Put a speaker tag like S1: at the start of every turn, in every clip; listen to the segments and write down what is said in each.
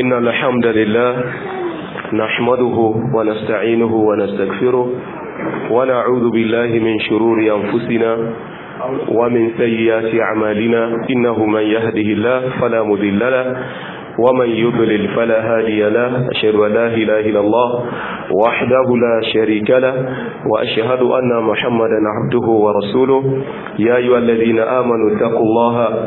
S1: إن الحمد لله نحمده ونستعينه ونستغفره ونعوذ بالله من شرور أنفسنا ومن سيئات أعمالنا إنه من يهده الله فلا مذل له ومن يضلل فلا هادي له أشهد أن لا إله إلا الله وحده لا شريك له وأشهد أن محمدا عبده ورسوله يا أيها الذين آمنوا اتقوا الله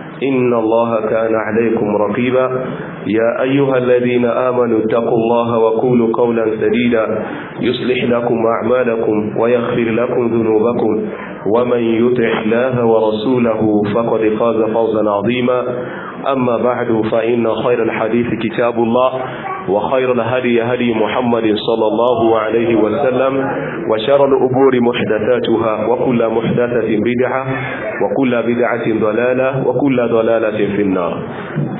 S1: إن الله كان عليكم رقيبا يا أيها الذين آمنوا اتقوا الله وقولوا قولا سديدا يصلح لكم أعمالكم ويغفر لكم ذنوبكم ومن يطع الله ورسوله فقد فاز فوزا عظيما أما بعد فإن خير الحديث كتاب الله وخير الهدي هدي محمد صلى الله عليه وسلم وشر الأمور محدثاتها وكل محدثة بدعة وكل بدعة ضلالة وكل ضلالة في النار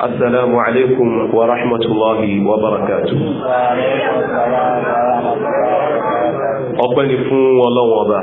S1: السلام عليكم ورحمة الله وبركاته أقبل فون ولو وبا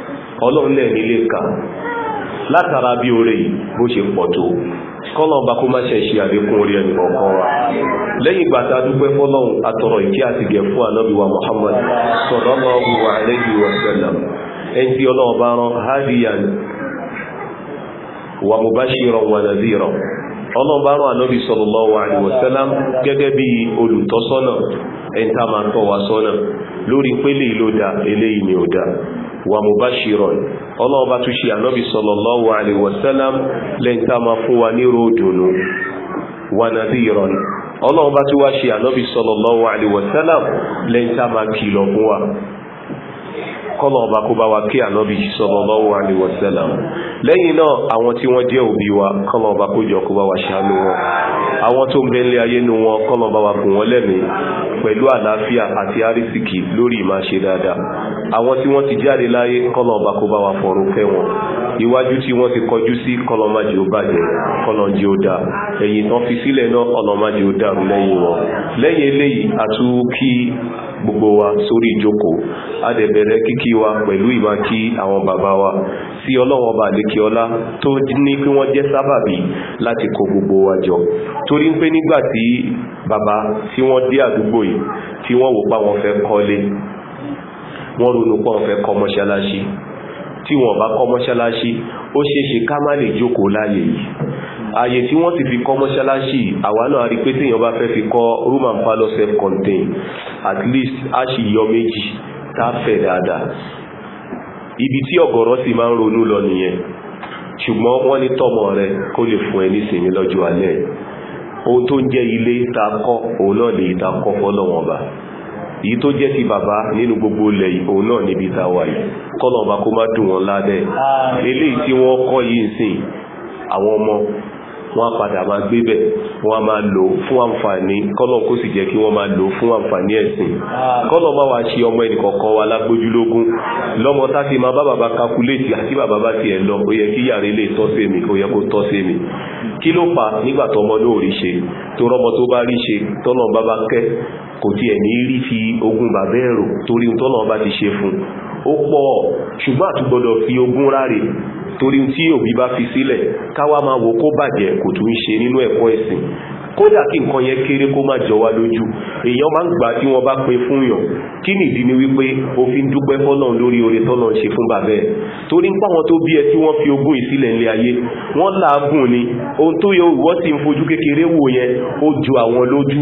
S1: ọlọ́run lẹ́ẹ̀mí lè kà látara bí orí bó ṣe pọ̀ tó kọ́lọ̀ọ̀bá kó má ṣe ṣe àdékún orí ẹni kọ̀ọ̀kan wa lẹ́yìn ìgbà a dúpẹ́ fọ́lọ́run àtọrọ ìkẹ́ àti gẹ̀ fún ànábì wa Muhammad sallallahu alayhi wa sallam ẹni tí ọlọ́ọ̀bá rán hadiyan wa mubashiran wa nadhiran ọlọ́ọ̀bá rán ànábì sallallahu alaihi wasallam gẹ́gẹ́ bí olùtọ́sọ́nà ẹ̀ntà máa tọ́ wa sọ́nà lórí pélé ìlò dá eléyìí ni ò dá wà mubashiran ọlọ́ọ̀bá tún ṣe ànábì sallallahu alaihi wasallam lẹ́ntà máa fún wa ní ròdùnú wà nadhiran ọlọ́ọ̀bá kọ́nà ọba kó bá wa kí ànábì sallallahu alaihi wasallam lẹ́yìn náà àwọn tí wọ́n jẹ́ òbí wa kọ́nà ọba kó jọ kó bá wa ṣàánú wọn àwọn tó ń bẹ nílé ayé nu wọn kọ́nà ọba wa gùn wọ́n lẹ́mìí pẹ̀lú àlàáfíà àti àrísìkì lórí ìmáṣe dáadáa àwọn tí wọ́n ti jáde láyé kọ́lọ̀ ọba kó bá wa fọ̀rún kẹ́ wọn iwájú tí wọ́n ti kọjú sí kọlọmájì ó bàjẹ́ kọlọmájì ó dá ẹ̀yìn tán fi sílẹ̀ náà ọlọmájì ó dàrú lẹ́yìn wọn lẹ́yìn eléyìí àtú kí gbogbo wa sórí ìjókòó adẹ̀bẹ̀rẹ̀ kíkí wa pẹ̀lú ìmá kí àwọn bàbá wa sí ọlọ́wọ́n bà lékè ọlá tó ní pé wọ́n jẹ́ sábàbí láti kó gbogbo wa jọ torí pé nígbà tí bàbá tí wọ́n dé àdúgbò yìí tí wọ́n wò pa wọn fẹ́ kọ́lé wọ́n ronú pọ́n fẹ́ kọ́ mọ́ṣáláṣí tí wọ́n bá kọ́ mọ́ṣáláṣí ó ṣeéṣe ká má lè jókòó láàyè yìí ààyè tí wọ́n ti fi kọ́ mọ́ṣáláṣí náà rí pé téèyàn bá fẹ́ fi kọ́ room and parlour self at least a ṣì yọ méjì tá fẹ̀ dáadáa ibi tí ọ̀gọ̀rọ̀ sì máa ń ronú lọ nìyẹn ṣùgbọ́n wọ́n ní tọ́mọ rẹ kó lè fún ẹ nísìnyí lọ́jọ́ alẹ́ ohun tó ń jẹ́ ilé ta òun náà lè ta fọ́lọ́wọ́n bá èyí tó jẹ́ ti bàbá nínú gbogbo ilẹ̀ òun náà níbi tàwà yìí kọ́lọ̀ ọba kó má dùn wọn ládẹ́ eléyìí tí wọ́n kọ́ yìí sìn àwọn ọmọ wọ́n padà máa gbé bẹ̀ wọ́n máa lò fún àǹfààní kọ́lọ̀ kó sì jẹ́ kí wọ́n máa lò fún àǹfààní ẹ̀sìn kọ́lọ̀ máa wá ṣe ọmọ ẹnìkọ̀ọ̀kan wa lágbójúlógún lọ́mọ táti máa bá bàbá kakuléètì àti bàbá bá ti ẹ̀ lọ ó yẹ kí yàrá ilé tọ́ sí mi ó yẹ kó tọ́ sí mi kí ló fà nígbà tọmọ náà rí ṣe tó tó bá rí ṣe tọ́nà bá kẹ́ kò tiẹ̀ ní rí fi ogún bàbá ẹ̀rò torí tọ́nà bá ti ṣe fún ó pọ̀ ṣùgbọ́n àtúgbọ́dọ̀ fi ogún ráre torí tí òbí bá fi sílẹ̀ káwá máa wo kó bàjẹ́ kò tún ń ṣe nínú ẹ̀kọ́ ẹ̀sìn kódà kí nǹkan yẹn kéré kó má jọ wá lójú èèyàn máa ń gbà tí wọ́n bá pè fún yàn kí nìdí ni wípé o fi ń dúpẹ́ fọ́nà lórí oore tọ́nà ṣe fún bàbẹ́ ẹ̀ torí ń pàwọn tó bí ẹ tí wọ́n fi ogún ìsílẹ̀ ilé ayé wọ́n làágùn ni ohun tó yẹ wọ́n sì ń fojú kékeré wò yẹn ó ju àwọn lójú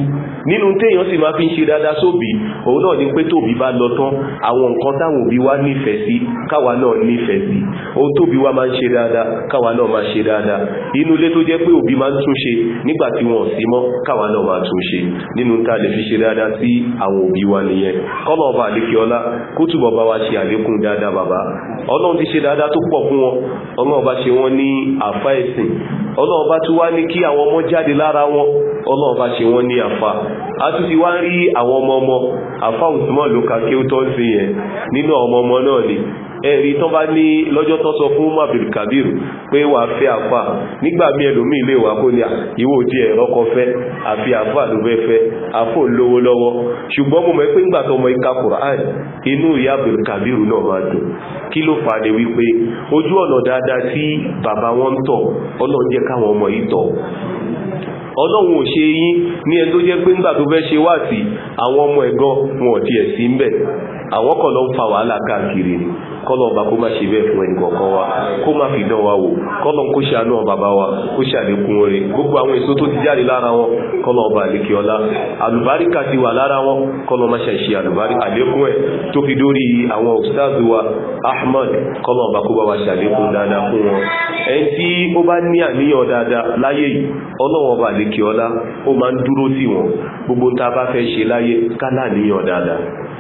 S1: nínú téèyàn sì máa fi ń ṣe dáadáa sóbì òun náà ni pé tóbi bá lọ tán àwọn nǹkan táwọn òbí wa nífẹ̀ẹ́ sí káwa náà nífẹ̀ẹ́ sí ohun tóbi wa máa ń ṣe dáadáa káwa náà máa ṣe dáadáa inú ilé tó jẹ́ pé òbí máa ń tún ṣe nígbà tí wọ́n sí mọ́ káwa náà máa tún ṣe nínú ta lè fi ṣe dáadáa sí àwọn òbí wa nìyẹn kọ́lọ̀ ọba àlékiọlá kó túbọ̀ bá wa ṣe àlékún dáadáa bàbá ọlọ́run ti ṣe dáadáa tó pọ̀ fún wọn ọlọ́run bá ṣe wọ́n ní àfá ẹ̀sìn ọlọ́run bá tún wá ní kí àwọn ọmọ jáde lára wọn ọlọ́run bá ṣe wọ́n ní àfá a tún ti wá rí àwọn ọmọ ọmọ àfá òsùmọ̀ ló ka kí ó tọ́ sí yẹn nínú ọmọ ọmọ náà ni ẹ̀rí tó bá ní lọ́jọ́ tó sọ fún Umar bin Kabir pé wà fẹ́ àfà nígbà mí ẹlòmí ilé wà kó ní ìwò tí ẹ̀rọ kọ fẹ́ àfi àfà ló fẹ́ fẹ́ àfò lówó lọ́wọ́ ṣùgbọ́n mo mọ̀ pé ńgbà tọmọ ìka Quran inú ìyá bin Kabir náà máa dùn kí ló fà ní wípé ojú ọ̀nà dáadáa tí bàbá wọn tọ̀ ọlọ́run jẹ́ káwọn ọmọ yìí tọ̀ ọlọ́run ò ṣe yín ní ẹ tó jẹ́ pé ńgbà tó fẹ́ ṣe wá sí àwọn ọmọ ẹ̀gọ́ wọn ò tiẹ̀ sí ń bẹ̀ àwọn kan ló ń fa wàhálà káàkiri kọlọ ọba kó má ṣe bẹ́ẹ̀ fún ẹnì wa kó má fi dán wa wò kó ọba bá wa kó ṣàlékún oore gbogbo àwọn èso tó ti jáde lára wọn kọlọ ọba àlékè ọlá àlùbáríkà ti wà lára wọn kọlọ má ṣe ṣe àlékún ẹ̀ tó fi dórí àwọn Ahmad kọlọ ọba kó bá wa dáadáa fún wọn ẹni tí ó bá ní àníyàn dáadáa láyé yìí ọba ọlá ó máa ń dúró gbogbo tá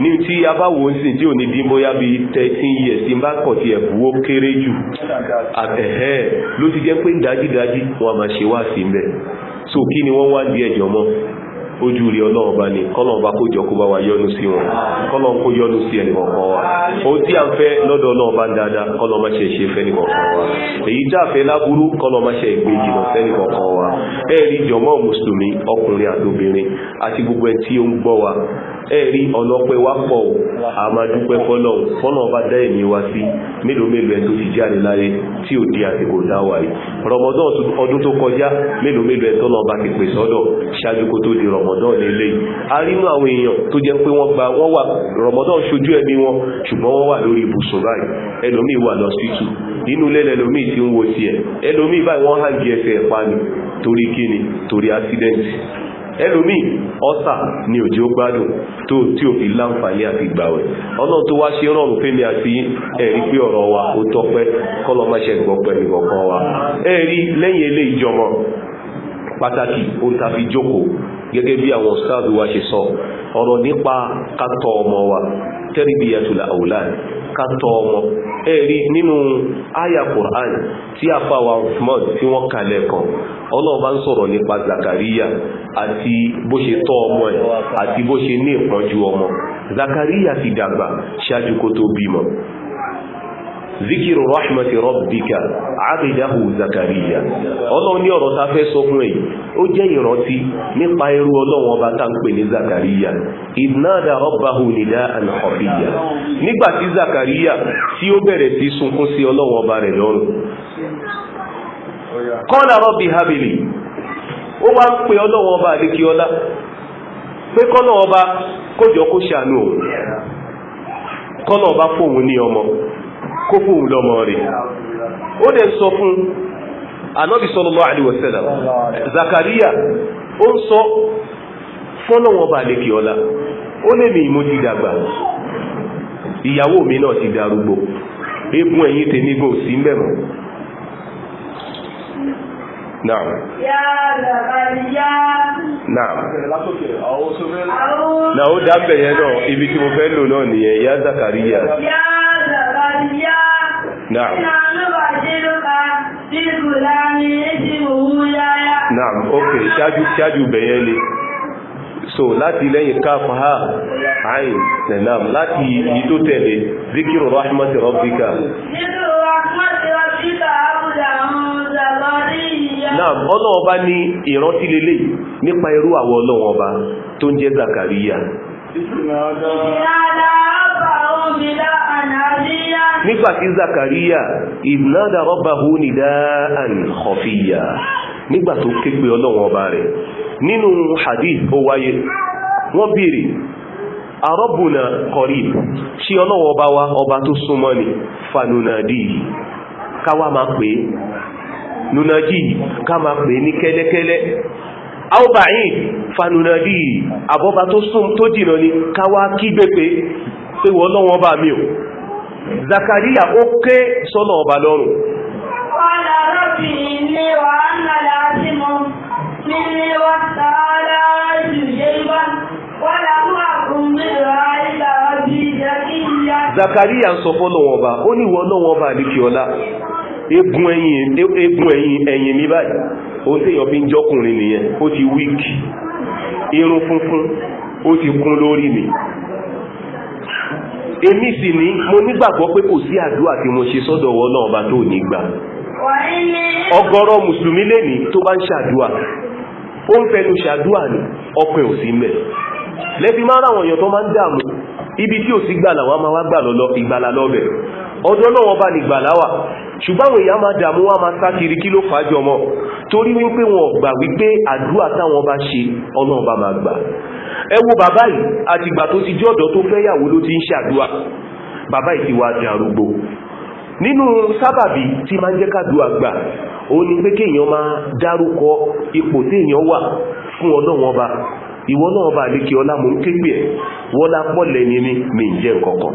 S1: ní tí abawo bá wò ó sì tí ò ní dín bóyá bíi thirteen years tí n bá kọ̀ tiẹ̀ bú ó kéré jù àtẹ̀hẹ́ ló ti jẹ́ pé dájídájí wọn a máa ṣe wá sí mbẹ̀ so kí ni wọ́n wá di ẹ̀jọ̀ mọ́ ojú rí ọlọ́run bá ní bá kó bá wa yọ́nú sí wọn kọ́lọ̀n kó yọ́nú sí wa o tí a fẹ́ lọ́dọ̀ ọlọ́run bá ń dáadáa wa èyí a fẹ́ láburú kọ́lọ̀n má ṣe ìgbé wa ẹ̀rí jọmọ́ mùsùlùmí ọkùnrin àti gbogbo tí ẹ̀rí ọlọ́pẹ́ wá pọ̀ a máa dúpẹ́ fọ́lọ̀ fọ́nà bá dá ẹ̀mí wá sí mélòó mélòó ẹ̀ tó ti jáde láyé tí ò di àsìkò dáwà yìí rọmọdán ọdún tó kọjá mélòó mélòó ẹ̀ bá ti pè sọ́dọ̀ ṣáájú kó tó di rọmọdán nílé yìí a rínú àwọn èèyàn tó jẹ́ pé wọ́n gba wọ́n wà rọmọdán ṣojú ẹ̀mí wọn ṣùgbọ́n wọ́n wà lórí ibùsùn báyìí ẹlòmíì wà lọ sí tù nínú lẹ́lẹ̀ ẹlòmíì ti torí kíni torí accident ẹlòmí ọ́sà ni òjò gbádùn tó tí ò fi láǹfààní àti gbàwẹ̀ ọlọ́run tó wá ṣe rọrùn fẹ́mi àti ẹ̀rí pé ọ̀rọ̀ wa ó tọ́pẹ́ kọ́lọ máṣẹ́ gbọ́pẹ́ nìkọ̀kan wa ẹ̀rí lẹ́yìn ilé ìjọmọ pàtàkì ohun tàbí jókòó gẹ́gẹ́ bí àwọn sáàdù wa ṣe sọ ọ̀rọ̀ nípa kátọ̀ ọmọ wa tẹ́rìbíyàtùlà àwòláàdì ká tọ́ wọn ẹ̀rí nínú àyà Qur'an tí a fà wà Uthman tí wọ́n kalẹ̀ kan ọlọ́ọ̀bá ń sọ̀rọ̀ nípa Zakariya àti bó ṣe tọ́ ọmọ ẹ̀ àti bó ṣe ní ìpọ́njú ọmọ Zakariya ti dàgbà ṣáájú kó tó bímọ zikiru rahmati rabbika abidahu zakariya ọlọ́run ní ọ̀rọ̀ ta fẹ́ sọ fún èyí ó jẹ́ ìrántí nípa irú ọlọ́run ọba tá ń pè ní zakariya ìdínádà rabbahu nìdá zakariya tí ó bẹ̀rẹ̀ sí sunkún sí ọlọ́run ọba rẹ̀ lọ́rùn habili ó wá ń ọba pé ọba ọba fóun ní kó fóun lọ́mọ rẹ̀ ó dẹ̀ sọ fún anọ́bí Zakaria ó ń sọ fọ́lọ́wọ́n bá lékè ọlá ó lè mi mo ti dàgbà ìyàwó mi náà ti نعم
S2: يا زكريا نعم
S1: na ó dábẹ̀ yẹn náà ibi tí mo fẹ́ lò náà nìyẹn yá zakariya yá zakariya naam naam ok ṣáájú ṣáájú bẹ̀yẹn ni so láti lẹ́yìn káfà ha ayin nẹ̀nàm láti yìí tó tẹ̀lé zikiru rahmat rabbika náà ọlọ́ọba ní ìrántí lélẹ̀ nípa irú àwọn ọlọ́wọ́ba tó ń jẹ́ zakariya nígbà tí Zakariya ìbùnádà rọ́bàhù nìdáàn kọfíyà nígbà tó ké pe ọlọ́wọ́n ọba rẹ̀ nínú hadith ó wáyé wọ́n bèèrè àrọ́bùnà kọ̀rìb tí ọlọ́wọ́n ọba wa ọba tó súnmọ́ ni fanunadi káwà máa pè nunaji ká máa pè ní kẹ́lẹ́kẹ́lẹ́ àwọ̀bàáyìn fanunadi àbọ́bà tó sún tó jìnà ní káwà kí gbẹ́gbẹ́ pé wọ́n lọ́wọ́ bá mi ò Zakariya ó ké sọ́nà ọba lọ́rùn Zakariya sọ fọ́nà ọba ó ní wọ́n lọ́wọ́ bá ní kí ọlá egun ẹ̀yìn ẹ̀yìn mi báyìí ó tí èyàn fi ń jọkùnrin nìyẹn ó ti wíkì irun funfun ó ti kún lórí mi èmi sì ní mo nígbàgbọ́ pé kò sí àdúrà tí mo ṣe sọ́dọ̀ wọ́n náà bá tó ní gbà ọ̀gọ̀rọ̀ mùsùlùmí lẹ́ni tó bá ń ṣàdúà ó ń fẹnu ṣàdúà ní ọpẹ ò sí mẹ́ lẹ́fi máa ráwọn èèyàn tó máa ń dààmú ibi tí ò sí gbà làwọn máa wá gbà lọ́lọ́ ìgbàlà lọ́bẹ̀ ọdún náà bá lè gbàláwà ṣùgbọ́n èyàn máa dàmú wá máa sákiri kí ló fàájọ mọ́ torí wípé wọn gbà wípé àdúrà táwọn bá ṣe Ọlọ́run bá máa gbà ẹ wo bàbá yìí àtìgbà tó ti jọ́dọ̀ tó fẹ́yàwó ló ti ń ṣàdúrà bàbá yìí ti wá di arúgbó nínú sábàbí tí máa ń jẹ́ kádùá gbà ó ní pé kéèyàn máa dárúkọ ipò téèyàn wà fún Ọlọ́run ọba ìwọ náà bá lè kí ọlá mú kéèpì ẹ̀ wọ́lá pọ̀lẹ̀ ní ní mi ń nǹkan kan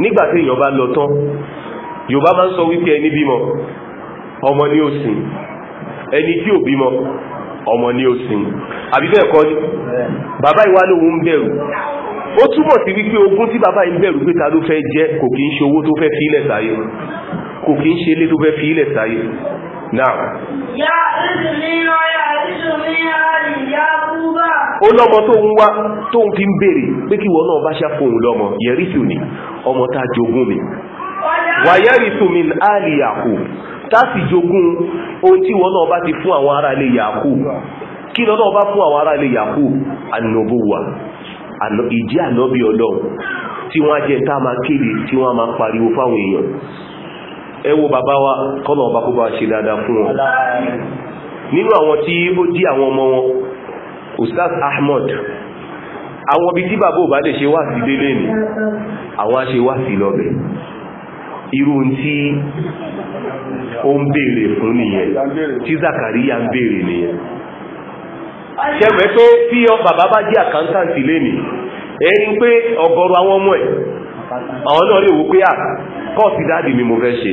S1: nígbàtí èèyàn bá lọ tán Yorùbá máa ń sọ wípé ẹni bímọ ọmọ ni ó sìn ẹni tí ò bímọ ọmọ ni ó sìn àbí bàbá ìwá bẹ̀rù ó túmọ̀ sí wípé ogún tí bàbá yìí bẹ̀rù pé ta ló fẹ́ jẹ́ kò kí ń ṣe owó tó fẹ́ fi ilẹ̀ sáyé kò kí ń ṣe ilé tó fẹ́ fi ilẹ̀ sáyé náà.
S2: yá ìdílé náà yá ìdílé náà yá kúbà.
S1: ó lọ́mọ tó ń wá tó ń fi ń béèrè pé kí wọn náà bá ṣàfòun ti fún àwọn ará ilé yàkù kí lọ́nà bá fún àwọn ará ilé yàkù ànàbùwà ìdí ànábì ọlọ́run tí wọ́n á jẹ́ tá máa kéde tí wọ́n á máa pariwo fáwọn èèyàn ẹ wo bàbá wa kọ́nà ọba kó bá ṣe dáadáa fún wọn nínú àwọn tí ó dí àwọn ọmọ wọn ustaz ahmad àwọn ibi tí bàbá ò bá lè ṣe wá sí délé ni àwọn á ṣe wá sí lọ́bẹ̀ irú tí ó ń béèrè fún nìyẹn tí zakariya ń béèrè nìyẹn ṣẹ́wẹ̀ẹ́ pé tí bàbá bá jẹ́ àkántàntì lẹ́nì ẹni pé ọ̀gọ̀rọ̀ àwọn ọmọ ẹ̀ àwọn náà lè wò pé à kọ́ọ̀sì dáàdì mi mo fẹ́ ṣe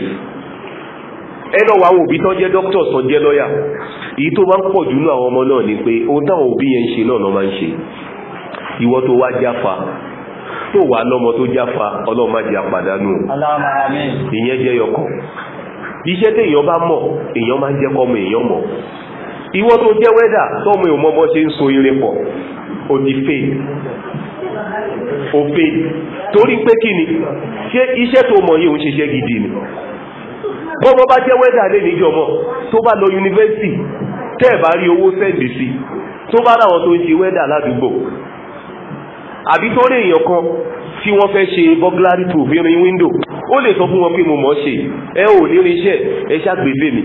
S1: ẹnà wà àwọn òbí tán jẹ́ dókítọ̀ tán jẹ́ lọ́yà èyí tó máa ń pọ̀ jùlọ àwọn ọmọ náà ni pé ohun táwọn òbí yẹn ń ṣe náà náà máa ń ṣe ìwọ tó wá jáfa tó wà lọ́mọ tó jáfa ọlọ́mọ jẹ́ àpàdánù ìyẹn jẹ́ yọkọ̀ iṣẹ́ tí èèyàn bá mọ̀ èèyàn máa ń jẹ́ kọ́mọ èèyàn mọ̀ ìwọ tó jẹ́ wẹ́dà tọ́mù ìmọ́mọ́ ṣe ń so ire pọ̀ ó di fail ó fail torí pé kí ni ṣe iṣẹ́ tó mọ̀ yíò ń ṣiṣẹ́ gidi ni bọ́bọ́ bá jẹ́ wẹ́dà lé níjọmọ́ tó bá lọ yunifásitì tẹ́ẹ̀ bá rí owó sẹ́ẹ̀dì sí tó bá ráwọn tó ń ṣe wẹ́dà ládùúgbò àbí tó rí èèyàn kan tí wọ́n fẹ́ ṣe burglary proof irin window ó lè sọ fún wọn pé mo mọ̀ ṣe ẹ ò ní rin iṣẹ́ ẹ ṣàgbébé mi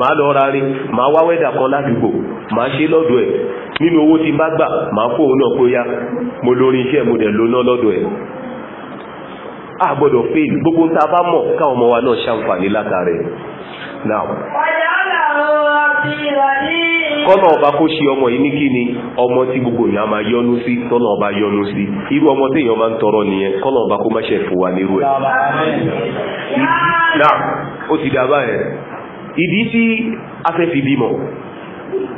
S1: màá lọ ra rin màá wá wẹ́dà kan ládùúgbò màá ṣe lọ́dọ̀ ẹ̀ nínú owó tí bá gbà màá fóun náà pé yá mo lórí iṣẹ́ mo dẹ̀ lóná lọ́dọ̀ ẹ̀ a gbọ́dọ̀ pé gbogbo tá a bá mọ̀ káwọn ọmọ wa náà ṣàǹfààní látàrí now.
S2: ọ̀yá làwọn kọ́nà ọba
S1: kó ṣe ọmọ yìí ní kí ọmọ tí gbogbo máa yọnu sí tọ́nà ọba yọnu sí irú ọmọ tí èèyàn máa ń tọrọ nìyẹn kọ́nà ọba kó má ṣe fún wa nírú ẹ̀. náà ó ti dá báyẹn ìdí tí a fẹ́ fi bímọ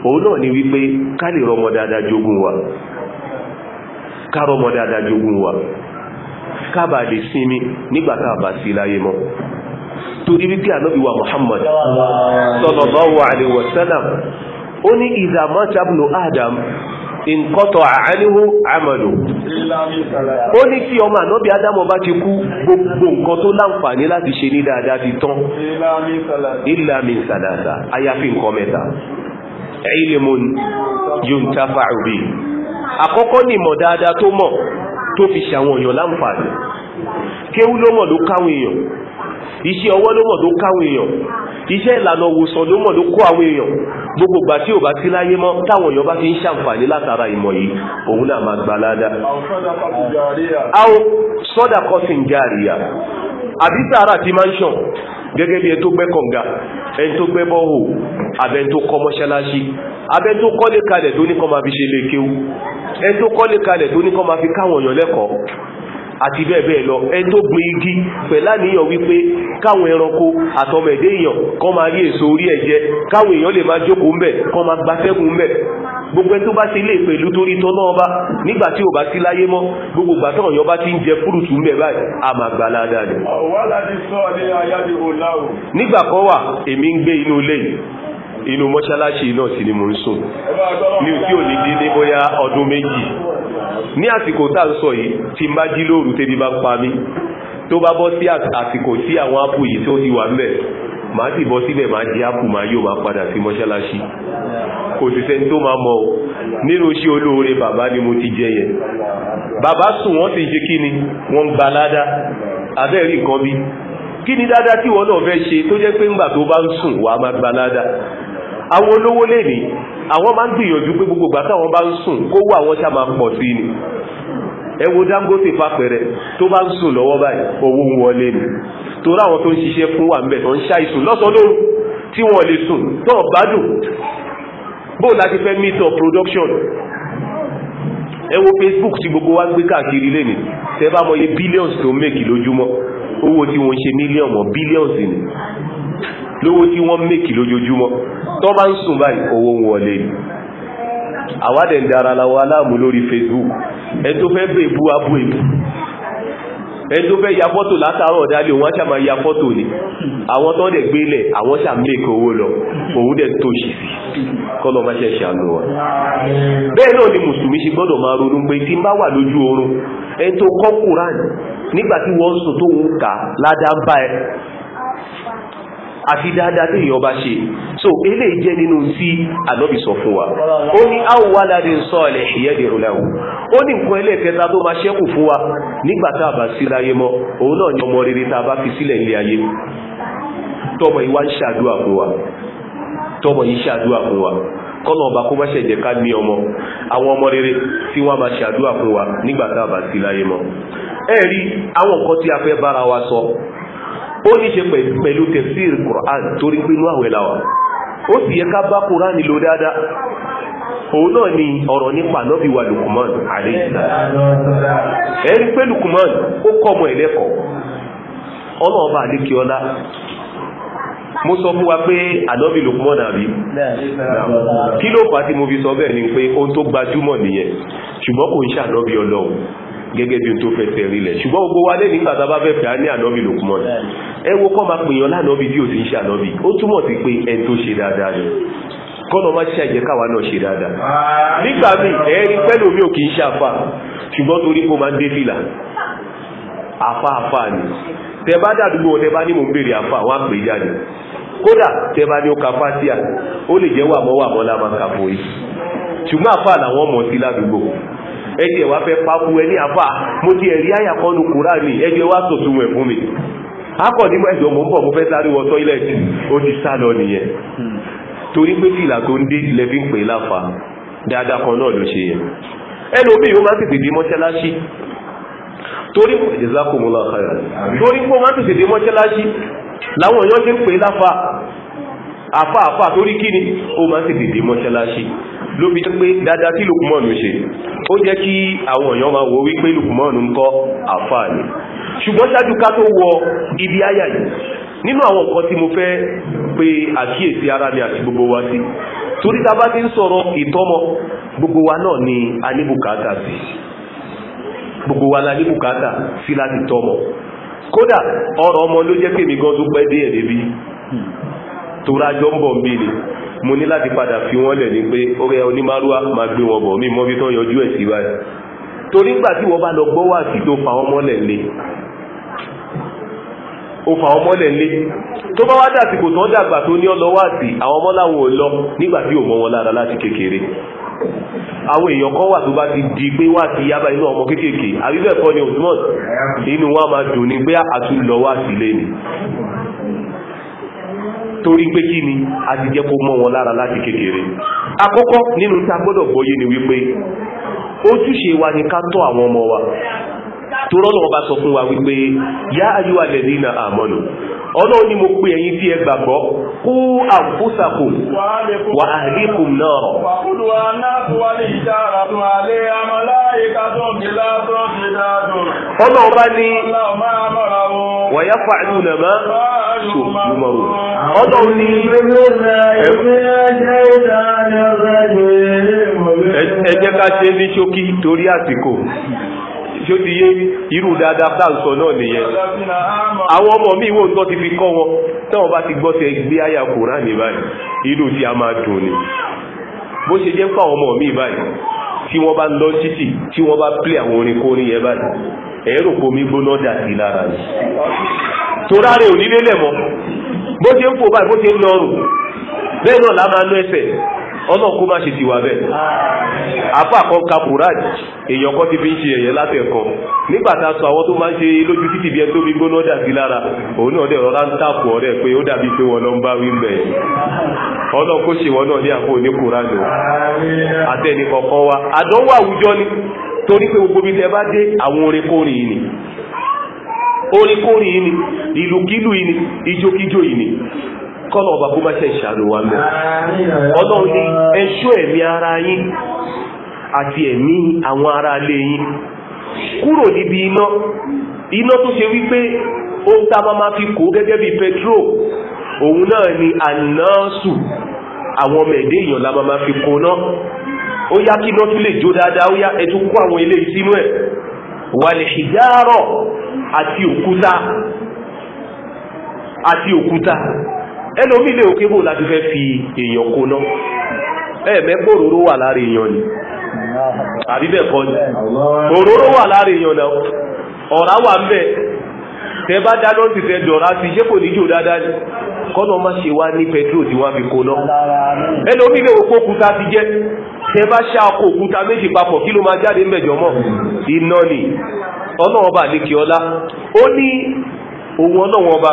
S1: òun náà ni wípé ká lè rọmọ dáadáa wa ká rọmọ dáadáa wa ká bàa lè sinmi nígbà tá a bá torí wípé ànábì wa muhammad sallallahu alaihi wa sallam ó ní idha mata ibnu adam nkọtọ àánihu àmàlò ó ní tí ọmọ ànábì ádámọ̀ bá ti kú gbogbo nǹkan tó láǹfààní láti ṣe ní dáadáa ti tán illa min sàlàsà àyàfi nǹkan mẹ́ta ilmun yuntafa'u bi àkọ́kọ́ ni mọ̀ dáadáa tó mọ̀ tó fi ṣàwọn èèyàn láǹfààní kéwú ló mọ̀ ló káwọn èèyàn iṣẹ́ ọwọ́ ló mọ̀ tó káwọn èèyàn iṣẹ́ ìlànà òwòsàn ló mọ̀ ló kó àwọn èèyàn gbogbo ìgbà tí ò bá sí láyé mọ́ táwọn èèyàn bá fi ń ṣàǹfààní látara ìmọ̀ yìí òun náà máa gba ládá àwọn sọ́dà kọ́sìn jàríyà àbí sàárà ti máa ń ṣàn gẹ́gẹ́ bí ẹ tó gbẹ́ kànga ẹn tó gbẹ́ bọ́hù abẹ tó kọ́ mọ́ṣáláṣí abẹ tó kọ́lé kalẹ̀ tó ní kọ́ máa fi ṣe lè kéwú ẹn tó kọ́lé kalẹ̀ tó ní kọ́ máa fi káwọn èèyàn lẹ́kọ̀ọ́ àti bẹ́ẹ̀ bẹ́ẹ̀ lọ ẹni tó gbin igi pẹ̀láníyàn wípé káwọn ẹranko àtọmẹ̀dé èèyàn kọ́ máa rí èso orí ẹ̀jẹ́ káwọn èèyàn lè máa jókòó ń bẹ̀ kọ́ máa gbatẹ́gùn ń bẹ̀ gbogbo ẹni tó bá ṣe lè pẹ̀lú torí tọ́nà ọba nígbà tí ò bá sí láyé mọ́ gbogbo ìgbà tọ́nà yọba ti ń jẹ fúrùtù mẹ́ báyìí a máa gbà ládàá ni.
S2: ọ̀wá láti sọ ní ayádìbò láwò. nígbà
S1: kan wà èmi ń gbé inú ilé inú mọ́ṣáláṣí náà sì ni mò ń sùn ní tí ò ní bóyá ọdún méjì ní àsìkò tá à ń sọ yìí tí n bá jí lóru tẹ́bí bá pa mí tó bá bọ́ sí àsìkò tí àwọn ápù yìí tó ti wà ńbẹ̀ máa sì bọ́ síbẹ̀ máa jí ápù máa yóò máa padà sí mọ́ṣáláṣí kò sì sẹ́ni tó máa mọ̀ nínú iṣẹ́ olóore bàbá ni mo ti jẹ yẹn bàbá sùn wọ́n sì ṣe kí ni wọ́n ń gba ládá abẹ́rí nǹkan bí kí ni dáadáa tí wọ́n náà fẹ́ ṣe tó jẹ́ pé ńgbà tó bá ń sùn wàá máa gba ládá àwọn olówó lè ní àwọn máa ń gbìyànjú pé gbogbo ìgbà táwọn bá ń sùn kó wà wọ́n ṣá máa pọ̀ sí ni ẹ wo Dangote fàpẹrẹ tó bá ń sùn lọ́wọ́ báyìí owó ń wọlé ni torí àwọn tó ń ṣiṣẹ́ fún wa ń bẹ̀ tó ń ṣàìsùn lọ́sàn-án lóru tí wọ́n lè sùn náà bá dùn bó láti fẹ́ meet up production ẹ wo Facebook tí gbogbo wa ń gbé káàkiri lẹ́nìí tẹ́ bá mọ iye billions tó ń mèkì lójúmọ́ owó tí wọ́n ṣe mílíọ̀nù bílíọ̀nsì ni lówó tí wọ́n mẹ́kì lójoojúmọ́ tó bá ń sùn báyìí owó ń wọlé ni àwádẹ̀ ń dára la wa aláàmú lórí facebook ẹ tó fẹ́ bẹ̀ bú abú èbú ẹ tó fẹ́ ya fọ́tò látàárọ̀ ọ̀dálé òun aṣà máa ni àwọn tó dẹ̀ gbélẹ̀ àwọn ṣà mẹ́kì owó lọ òun dẹ̀ tó ṣì sí ni mùsùlùmí ṣe gbọ́dọ̀ máa ronú pé tí bá wà lójú oorun ẹ tó kọ́ kúránì nígbà àti dáadáa tí èèyàn ṣe so eléyìí jẹ́ nínú tí ànábì sọ fún wa ó ní awwaladin salih yadiru lahu ó ní nǹkan ẹlẹ́ẹ̀kẹta tó máa ṣẹ́kù fún wa nígbà tá a bá sí láyé mọ́ òun náà ni ọmọ rere tá a bá fi sílẹ̀ ilé ayé tọmọ ìwà ń ṣàdúrà fún wa tọmọ yìí ṣàdúrà fún wa kọ́nà ọba kó má ṣẹ̀jẹ̀ ká ní ọmọ àwọn ọmọ rere tí wọ́n máa ṣàdúrà fún wa nígbà tá a bá sí láyé mọ́ ẹ̀rí àwọn nǹkan tí a fẹ́ bára wa sọ ó ní ṣe pẹ̀lú tafsir Qur'an torí pínú àwẹ̀ láwà ó sì yẹ ká bá Qur'an lò dáadáa òun náà ni ọ̀rọ̀ nípa nọ́bí wa Luqman àríyìnà ẹni pé Luqman ó kọ́mọ ẹ̀lẹ́kọ̀ọ́ ọlọ́ọ̀bá àdékíọlá mo sọ fún wa pé ànọ́bí Luqman àrí kí ló fà á tí mo fi sọ bẹ́ẹ̀ ni pé ohun tó gbajúmọ̀ nìyẹn ṣùgbọ́n kò ń ṣànọ́bí ọlọ́run gẹ́gẹ́ bí o tó fẹ́ tẹ̀rí lẹ̀ ṣùgbọ́n gbogbo wa lè nígbà bá fẹ́ fẹ́ á ní ànọ́bí Luqman ẹ wo kọ́ máa pèèyàn lánàbí bí ò ti ń ṣànàbí ó túmọ̀ sí pé ẹni tó ṣe dáadáa ni kọ́nà má ṣe àjẹ́ káwa náà ṣe dáadáa
S3: nígbà míì ẹ̀rí
S1: pẹ́lú mi ò kì í ṣàfà ṣùgbọ́n torí kó máa ń dé fìlà àfà àfà ni tẹ bá dàdúgbò tẹ bá ní mò ń béèrè àfà wọn á pè jáde kódà tẹ bá ní ó ka fásíà ó lè jẹ́ wàmọ́ wàmọ́ la máa kà fún yìí ṣùgbọ́n àfà làwọn mọ̀ sí ládùúgbò ẹjẹ́ wá fẹ́ pápú ẹni àfà mo ti ẹ̀rí àyàkọ́nu kúránì ẹjẹ́ wá sọ̀tún ẹ̀ fún mi akọ̀dí mọ́ ẹ̀sọ̀ mọ́ ń bọ̀ mo fẹ́ sáré wọ tọ́ílẹ̀tì ó ti sá lọ nìyẹn hmm. torí pé fìlà tó ń dé ilẹ̀ fi ń pè láfa dáadáa kan náà ló ṣe yẹn ẹlòmíì ó máa ń tètè dé mọ́ṣáláṣí torí pé ìdílákòmọ́lá kàrà torí pé ó máa ń tètè dé mọ́ṣáláṣí láwọn èèyàn ṣe ń pè láfa àfà àfà torí kí ni ó máa ń tètè dé mọ́ṣáláṣí ló fi jẹ́ pé dáadáa tí lukumọ́ọ̀nù ṣe ó jẹ́ kí àwọn èèyàn máa wo wípé lukumọ́ọ̀nù ń kọ́ àfà ni ṣùgbọ́n ṣáájú ká tó wọ ibi àyà yìí nínú àwọn nǹkan tí mo fẹ́ pe àkíyèsí ara mi àti gbogbo wa sí torí ta bá ti ń sọ̀rọ̀ ìtọ́mọ gbogbo wa náà ni a ní bùkátà sí gbogbo wa la ní sí láti tọ́mọ kódà ọ̀rọ̀ ọmọ ló jẹ́ pèmí gan tó pẹ́ dé ẹ̀dẹ́bí torá jọ ń bọ̀ ń bèèrè mo ní láti padà fi wọ́n lẹ̀ ní pé ó rẹ onímárúwá máa gbé wọn bọ̀ mí mọ́ bí tán yọjú ẹ̀ sí báyìí torí gbà tí wọ́n bá lọ gbọ́ wà sí tó fa wọn mọ́lẹ̀ lé ó fa ọmọ lẹ̀ lé tó bá wá dàsìkò tán dàgbà tó ní ọlọ́wọ́ àti àwọn ọmọ láwọn ò lọ nígbà tí ò mọ́ wọn lára láti kékeré àwọn èèyàn kan wà tó bá ti di pé wá sí yaba inú ọmọ kékèké àbíbẹ̀ kọ́ ni osmond inú wa máa dùn ní pé àtúnlọ́wọ́ àti ni torí pé kí ni a ti jẹ́ kó mọ́ wọn lára láti kékeré àkọ́kọ́ nínú tá gbọ́dọ̀ gbọ́yé ni wípé ojúṣe wa ni ká tọ́ àwọn ọmọ wa tó rọ́nà ọba sọ fún wa wípé yá ayú alẹ́dí na àmọ́nù ọlọ́run ni mo pè ẹ̀yin tí ẹ gbàgbọ́ kú àfúsàkùn
S2: wà àríkùn náà rọ̀ ọlọ́run bá ní
S1: wàyá fàánù nàmá ṣùgbùmọ̀rù ọlọ́run ní ẹ jẹ́ ká ṣe ní ṣókí torí àsìkò ṣó ti yé irú dáadáa bá ń sọ náà nìyẹn àwọn ọmọ mi ìwò tó ti fi kọ́ wọn táwọn bá ti gbọ́ sí ẹgbẹ́ àyà Kùránì báyìí inú tí a máa dùn ni bó ṣe jẹ́ fáwọn ọmọ mi báyìí tí wọ́n bá lọ títì tí wọ́n bá plé àwọn orin kórin yẹn báyìí ẹ̀rọ kò mi gbóná dà sí lára ni
S3: tó rárẹ̀ ò nílé
S1: lẹ̀mọ́ bó ṣe ń fò báyìí bó ṣe ń lọrùn bẹ́ẹ̀ náà lá máa ná ẹsẹ̀ ọlọ́run kó má ṣe ti wà bẹ́ẹ̀ àfà kan ka quran èèyàn kan ti fi ń ṣe ẹ̀yẹ látẹ̀kọ́ nígbà tá a sọ àwọn tó máa ń ṣe lójú títì bí ẹ tó fi gbóná dà sí lára òun náà dẹ̀ rọra ń tàpù ọ̀rẹ́ pé ó dàbí pé wọn lọ ń bá wí ń bẹ̀ ọlọ́run ṣe wọn náà ní àpò ní quran o kọ̀ọ̀kan wa àdánwò àwùjọ ni torí pé gbogbo ibi bá dé àwọn orin ni orin ni ìlúkílù ni ijókíjó ni kọ́nà ọba kó má ṣe ìṣàánú wa mẹ́ ọlọ́run ní ẹṣọ́ ẹ̀mí ara yín àti ẹ̀mí àwọn ará ilé yín kúrò níbi iná iná tó ṣe wípé ohun tá a máa fi kó gẹ́gẹ́ bí petro òun náà ni ànáàsù àwọn ọmọ ẹ̀dẹ́ èèyàn la máa fi kó náà ó yá kí iná tún lè jó dáadáa ó yá ẹ kó àwọn ilé sínú ẹ̀ wàlẹ̀ ìdárọ̀ àti òkúta àti òkúta ẹlòmí lè òkè bò láti fẹ́ fi èèyàn kó náà ẹ̀ẹ̀mẹ́ gbòòrò wà lára èèyàn ni àbíbẹ̀ kọ́ ni òróró wà lára èèyàn náà ọ̀rá wà ń bẹ̀ tẹ bá dáná ti fẹ́ dọ̀rá sí ṣé kò níjò dáadáa ni kọ́nà má ṣe wá ní pẹtrol tí wọ́n fi kó náà ẹlòmí lè òkú òkúta ti jẹ́ tẹ bá ṣá ọkọ̀ òkúta méjì papọ̀ kí ló máa jáde ń bẹ̀jọ mọ́ iná ni ọlọ́wọ́ba àdékè ọlá ó ní òun ọlọ́wọ́ba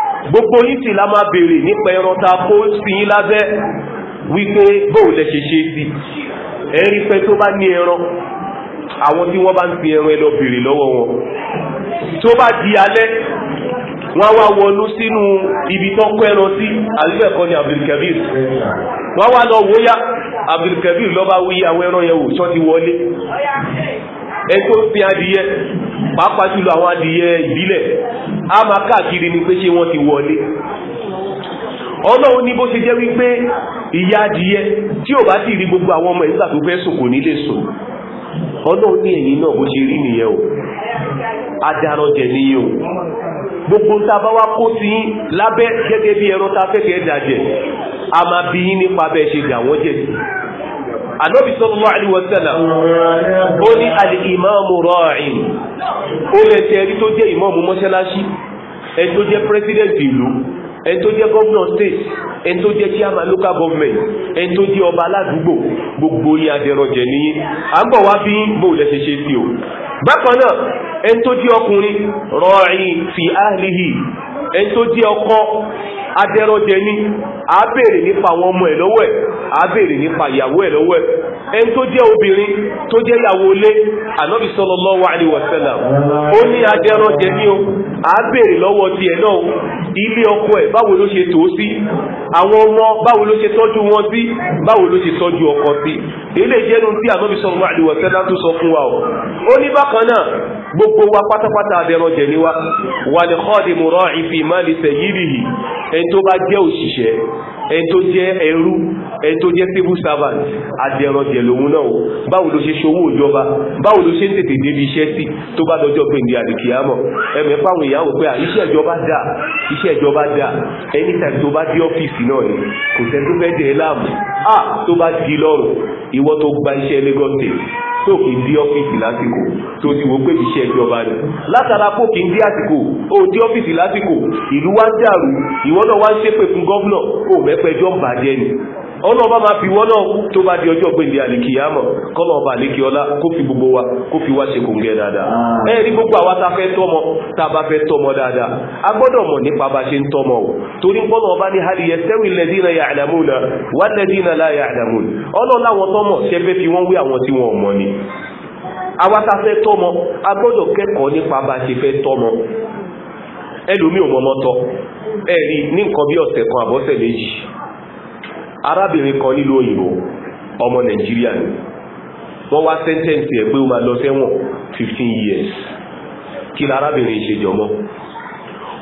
S1: gbogbo yìí sì la máa béèrè nípa ẹran ta kó sí yín lábẹ́ wípé bóun lẹ ṣe ṣe sí ẹ̀rí pé tó bá ní ẹran àwọn tí wọ́n bá ń fi ẹran ẹ lọ béèrè lọ́wọ́ wọn tó bá di alẹ́ wọ́n wá wọnú sínú ibi tó kọ́ ẹran sí àlùbẹ̀kọ́ ni Abdulkabir wọ́n wá lọ wóyá Abdulkabir lọ́ba wí àwọn ẹran yẹn wò sọ́ ti wọlé ẹ tó fi adìyẹ pàápàá jùlọ àwọn adìyẹ ìbílẹ̀ a máa káàkiri ni pé ṣé wọ́n ti wọlé ọlọ́run ní bó ṣe jẹ́ wípé ìyá adìyẹ tí ò bá sì rí gbogbo àwọn ọmọ ìgbà tó fẹ́ sùn kò ní lè sùn ọlọ́run ní ẹ̀yìn náà bó ṣe rí nìyẹn o adarọjẹ nìyẹn o gbogbo ń tàbá wá kó sí lábẹ́ gẹ́gẹ́ bí ẹran tá dàjẹ́ a máa bí nípa bẹ́ẹ̀ ṣe dà wọ́n jẹ ànábì sallallahu alaihi wasallam ó ní al-imamu ra'in ó lè ṣe ẹni tó jẹ́ ìmáàmù mọ́ṣáláṣí ẹni tó jẹ́ president ìlú ẹni tó jẹ́ governor state ẹni tó jẹ́ chairman local government ẹni tó jẹ́ ọba aládùúgbò gbogbo yín adẹrọjẹ nìyí à wá bí bó lẹ ṣe tó jẹ́ ọkùnrin ra'in fi ahlihi ẹni tó jẹ́ ọkọ adẹ́rọ́jẹ ní a béèrè nípa àwọn ọmọ ẹ̀ lọ́wọ́ ẹ̀ a béèrè nípa ìyàwó ẹ̀ lọ́wọ́ ẹ̀ ẹni tó jẹ́ obìnrin tó jẹ́ ìyàwó ilé ànábì sallallahu alaihi wasallam ó ní adẹ́rọ́jẹ ní o a béèrè lọ́wọ́ ti ẹ̀ náà ilé ọkọ ẹ̀ báwo ló ṣe tòó sí àwọn ọmọ báwo ló ṣe tọ́jú wọn sí báwo ló ṣe tọ́jú ọkọ sí ilé ìjẹ́nu tí ànábì sallallahu alaihi wasallam tó sọ fún wa o ó ní bákan náà gbogbo wa pátápátá adẹ́rọ́jẹ ní wa wal khadimu ra'i fi mali sayyidihi ẹni tó bá jẹ́ òṣìṣẹ́ ẹni tó jẹ́ ẹrú ẹni tó jẹ́ civil servant àdẹ̀rọ̀dẹ̀ lòun náà o báwo ló ṣe ṣowó ìjọba báwo ló ṣe ń tètè débi iṣẹ́ sí tó bá dọjọ́ pé ní àdìkìyàmọ̀ ẹ̀mẹ̀ fáwọn ìyàwó pé iṣẹ́ ìjọba dà iṣẹ́ ìjọba dà anytime tó bá dé ọ́fíìsì náà ni kò sẹ́ tó fẹ́ dẹ̀ láàmú à tó bá di lọ́rùn ìwọ tó gba dí ọ́fíìsì lásìkò tó ti wò pé iṣẹ́ ìjọba rẹ̀ látara kó kì dí àsìkò ó dí ọ́fíìsì lásìkò ìlú wa dàrú ìwọ náà wá ń ṣépè fún gọ́vnà ó mẹ́pẹ́jọ́ ni ọlọ́ọ̀bá fi wọ́n náà tó bá di ọjọ́ gbẹ̀ndẹ̀ alikiyama kọ́lọ̀ ọba àlìkìọlá kó fi gbogbo wa kó fi wá ṣe kòǹgẹ́ dáadáa gbogbo àwa ta fẹ́ tọ́mọ ta bá fẹ́ tọ́mọ dáadáa a gbọ́dọ̀ mọ̀ nípa bá ṣe ń tọ́mọ o torí ní ẹlòmí ò mọ́mọ́tọ́ ẹ̀rí ní nǹkan bí ọ̀sẹ̀ kan àbọ́sẹ̀ méjì arábìnrin kan nílò òyìnbó ọmọ nàìjíríà ni wọ́n wá sẹ́ntẹ́ǹsì ẹ̀ pé o ma lọ sẹ́wọ̀n 15 years kí lárábìnrin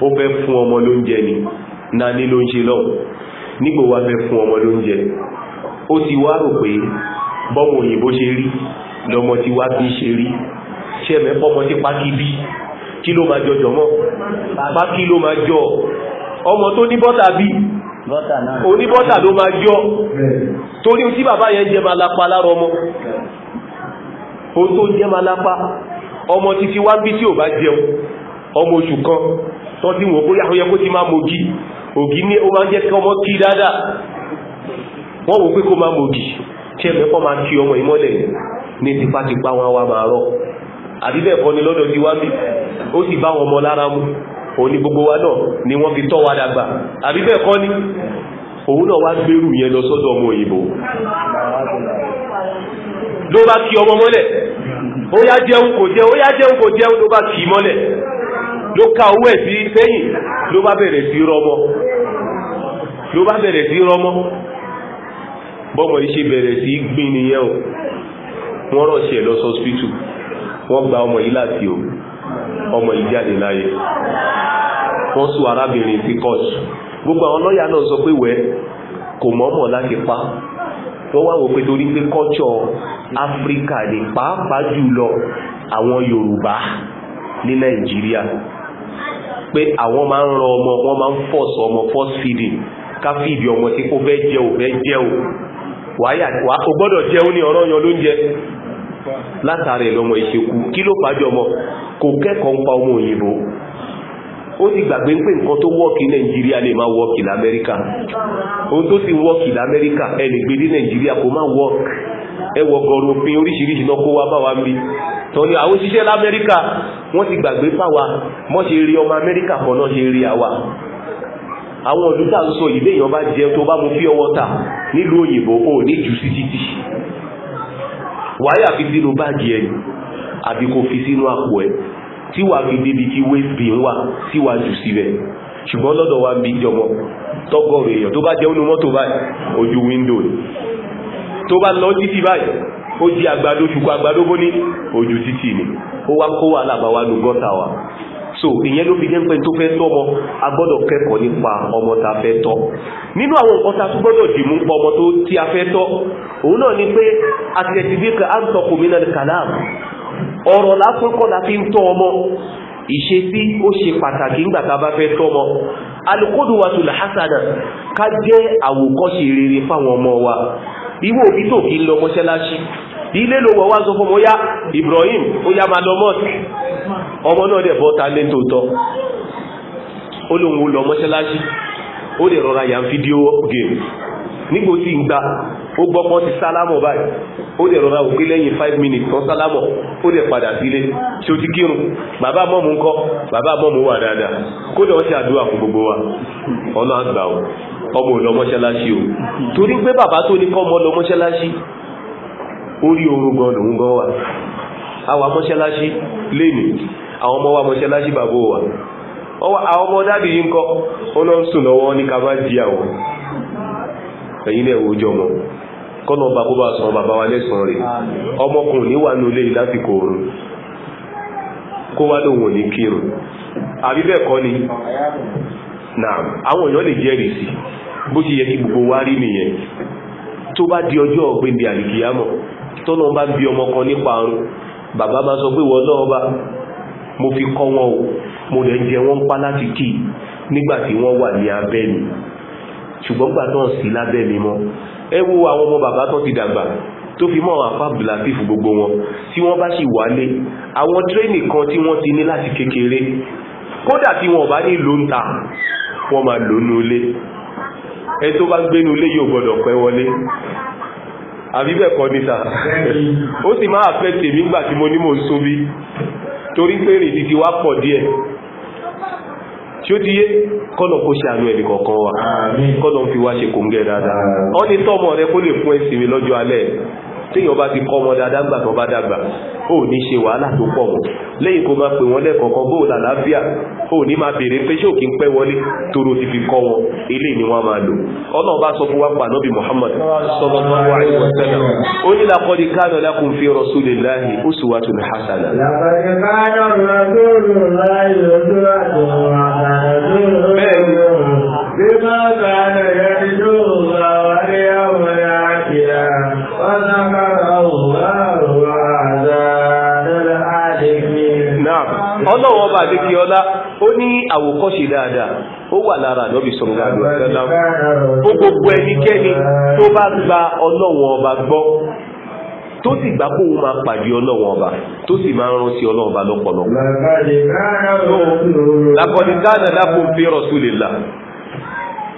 S1: ó fẹ́ fún ọmọ lóúnjẹ ni ló ń ṣe lọ́wọ́ nígbò wá fẹ́ fún ọmọ lóúnjẹ ó ti wá rò pé bọ́mọ òyìnbó ṣe rí lọmọ ti wá bí ṣe rí kí ló máa jọjọ mọ́ bá kí ló máa jọ ọmọ tó ní bọ́tà bí oníbọ́tà ló máa jọ torí tí bàbá yẹn jẹ máa lápa lára ọmọ o tó jẹ máa lápa ọmọ títí wá bí tí ò bá jẹun ọmọ oṣù kan tọ́ tí wọ́n bóyá ọyẹ kó ti máa mògì ògì ní O máa jẹ́ kí ọmọ kí dáadáa wọ́n wò pé kó máa mògì tí ẹ̀mẹ́kọ́ máa kí ọmọ ìmọ́lẹ̀ ní tipátipá wọn wá máa rọ́ àbí bẹ́ẹ̀ kọ́ ni lọ́dọ̀ ti wá bí ó sì bá wọn mọ lára mu òun ni gbogbo wa náà ni wọ́n fi tọ́ wa dàgbà àbí bẹ́ẹ̀ kọ́ ni òun náà wá gbérù yẹn lọ sọ́dọ̀ ọmọ òyìnbó ló bá kí ọmọ mọ́lẹ̀ ó yá jẹun kò jẹun ó yá jẹun kò jẹun ló bá kì mọ́lẹ̀ ló ka owó ẹ̀ sí sẹ́yìn ló bá bẹ̀rẹ̀ sí rọmọ ló bá bẹ̀rẹ̀ sí rọmọ bọ́mọ yìí bẹ̀rẹ̀ sí gbìn nìyẹn o wọ́n rọ̀ ṣe lọ sọ́spítù wọ́n gba ọmọ yìí láti o ọmọ yìí jáde láyé wọ́n sún arábìnrin sí kọ́ọ̀tù gbogbo àwọn lọ́yà náà sọ pé wẹ́ kò mọ́mọ̀ láti pa wọ́n wá wò pé torí pé kọ́ọ̀tù áfíríkà ní pàápàá jùlọ àwọn yorùbá ní nàìjíríà pé àwọn máa ń ran ọmọ wọ́n máa ń force ọmọ force ká fìdí ọmọ tí kò fẹ́ jẹ́ ò fẹ́ jẹ́ ò wáyà kò gbọ́dọ̀ jẹ́ ó ní ọ̀rọ̀ yan lóúnjẹ látàrí ìlọ́mọ ìṣekú kí ló fàájọ ọmọ kò kẹ́kọ̀ọ́ ń pa ọmọ òyìnbó ó ti gbàgbé pé nǹkan tó wọ́ọ̀kì nàìjíríà lè máa wọ́ọ̀kì lamẹ́ríkà ohun tó sì wọ́ọ̀kì lamẹ́ríkà ẹni gbé ní nàìjíríà kò máa wọ́ọ̀kì ẹwọ gọrùn pin oríṣiríṣi náà kó wá bá wa mi tọ́ ni àwọn òṣìṣẹ́ lamẹ́ríkà wọ́n ti gbàgbé fáwa mọ́ ṣe rí ọmọ amẹ́ríkà kan náà ṣe rí àwa àwọn ọdún tá ń sọ ìléèyàn bá jẹun tó bá mu pure water nílùú òyìnbó ò ní jù sí títì wàyà fi sínú báàgì ẹ̀ àbí kò fi sínú àpò ẹ̀ tí wà fi débi tí wéèpì ń wà síwájú síbẹ̀ ṣùgbọ́n lọ́dọ̀ wa bí jọmọ tọ́gọ̀rọ̀ èèyàn tó bá jẹ́ onú mọ́tò báyìí ojú wíńdò ni tó bá lọ títí so ìyẹn ló fi jẹ́ pé tó fẹ́ tọ́mọ a gbọ́dọ̀ kẹ́kọ̀ọ́ nípa ọmọ ta fẹ́ tọ́ nínú àwọn nǹkan ta tún gbọ́dọ̀ dìmú ọmọ tó tí a fẹ́ tọ́ òun náà ni pé àtẹ̀tìbíkà á ń tọkù mí náà kàlám ọ̀rọ̀ lápúnkọ́ la fi ń tọ́ ọmọ ìṣesí ó ṣe pàtàkì ńgbà tá bá fẹ́ tọ́mọ alukóduwatul hasana ká jẹ́ àwòkọ́ṣe rere fáwọn ọmọ wa ìwọ òbí tó kí ń lọ mọ́ṣáláṣí ilé ló wọ̀ wá sọ fún mo yá Ibrahim ó yá máa lọ mọ́ọ̀tì ọmọ náà dẹ̀ bọ́ ta lé tòótọ́ ó lóun lọ mọ́ṣáláṣí ó lè rọra yà ń fídíò game nígbò tí ń gba ó gbọ́pọ́ ti sálámọ̀ báyìí ó lè rọra òkè minutes kan sálámọ̀ ó lè padà sílé tí ó ti kírun bàbá mọ́mù ńkọ́ bàbá mọ́mù wà dáadáa kódà ó ṣe àdúrà fún gbogbo wa ọ̀nà àgbà ọmọ òlọ torí pé bàbá tó ní kọ́ mọ́ lọ mọ́ṣáláṣí orí oorun gan lòun gan wà àwọn amọ́ṣẹ́láṣí lèmi àwọn ọmọ wa mọ́ṣẹ́láṣí bàbó àwọn ọmọ dábì yí ń kọ́ ó ń sùn lọ́wọ́ ní ká bá di àwọn ẹ̀yìn wa lẹ́sàn rẹ̀ ní wà ní olè lásìkò kó wá ní kírùn ni na àwọn èèyàn lè jẹ́rìí sí bó ṣe yẹ kí gbogbo rí nìyẹn tó tọ́nà bá bí ọmọ kan nípa àrùn bàbá bá sọ pé wọ́n náà bá mo fi kọ́ wọn o mo lè jẹ wọ́n pa láti kí nígbàtí wọ́n wà ní abẹ́ mi ṣùgbọ́n gbà tán sí lábẹ́ mi mọ́ ẹ wo àwọn ọmọ bàbá tán ti dàgbà tó fi mọ́ àwọn afábìlà fífù gbogbo wọn tí wọ́n bá sì wálé àwọn trénì kan tí wọ́n ti ní láti kékeré kódà tí wọ́n bá ní ló ń ta wọ́n máa lónú ilé
S3: ẹ tó bá gbénú ilé
S1: yóò gbọ́dọ̀ pẹ́ wọlé àbí bẹ́ẹ̀ kọ́ ní sáà ó sì máa fẹ́ tèmi gbà tí mo ní mò ń sóbí torí pé rìn títí wá pọ̀ díẹ̀ tí ó ti yé kọ́nà kó ṣe àánú ẹ̀dì kọ̀ọ̀kan wa kọ́nà fi wá ṣe kò ń gẹ̀ dáadáa ọ́ ní tọ́mọ rẹ kó lè fún ẹ̀sìn mi lọ́jọ́ alẹ́ téèyàn bá ti kọ́ ọmọ dáadáa gbà tó bá dàgbà ó ní ṣe wàhálà tó pọ̀ wọn lẹ́yìn kó máa pè wọ́n lẹ́kọ̀ọ́kan bó làlàáfíà ó ní máa béèrè pé ṣé òkè ń pẹ́ wọlé tóró ti fi kọ́ wọn eléyìí ni wọ́n máa lò ọlọ́run bá sọ fún wa pa nọ́bì Muhammad sallallahu alaihi wasallam ó ní laqad kana lakum fi rasulillahi uswatun hasana.
S3: bẹ́ẹ̀ni
S1: ọlọ́wọ́ bá dé kí ọlá ó ní àwòkọ́ṣe dáadáa ó wà lára lọ́bí sọ̀rọ̀ àdúrà ó gbogbo ẹnikẹ́ni tó bá gba ọlọ́wọ́ ọba gbọ́ tó sì gbà kó máa pàdé ọlọ́wọ́n ọba tó sì máa rán sí ọlọ́wọ́n ọba lọ́pọ̀lọpọ̀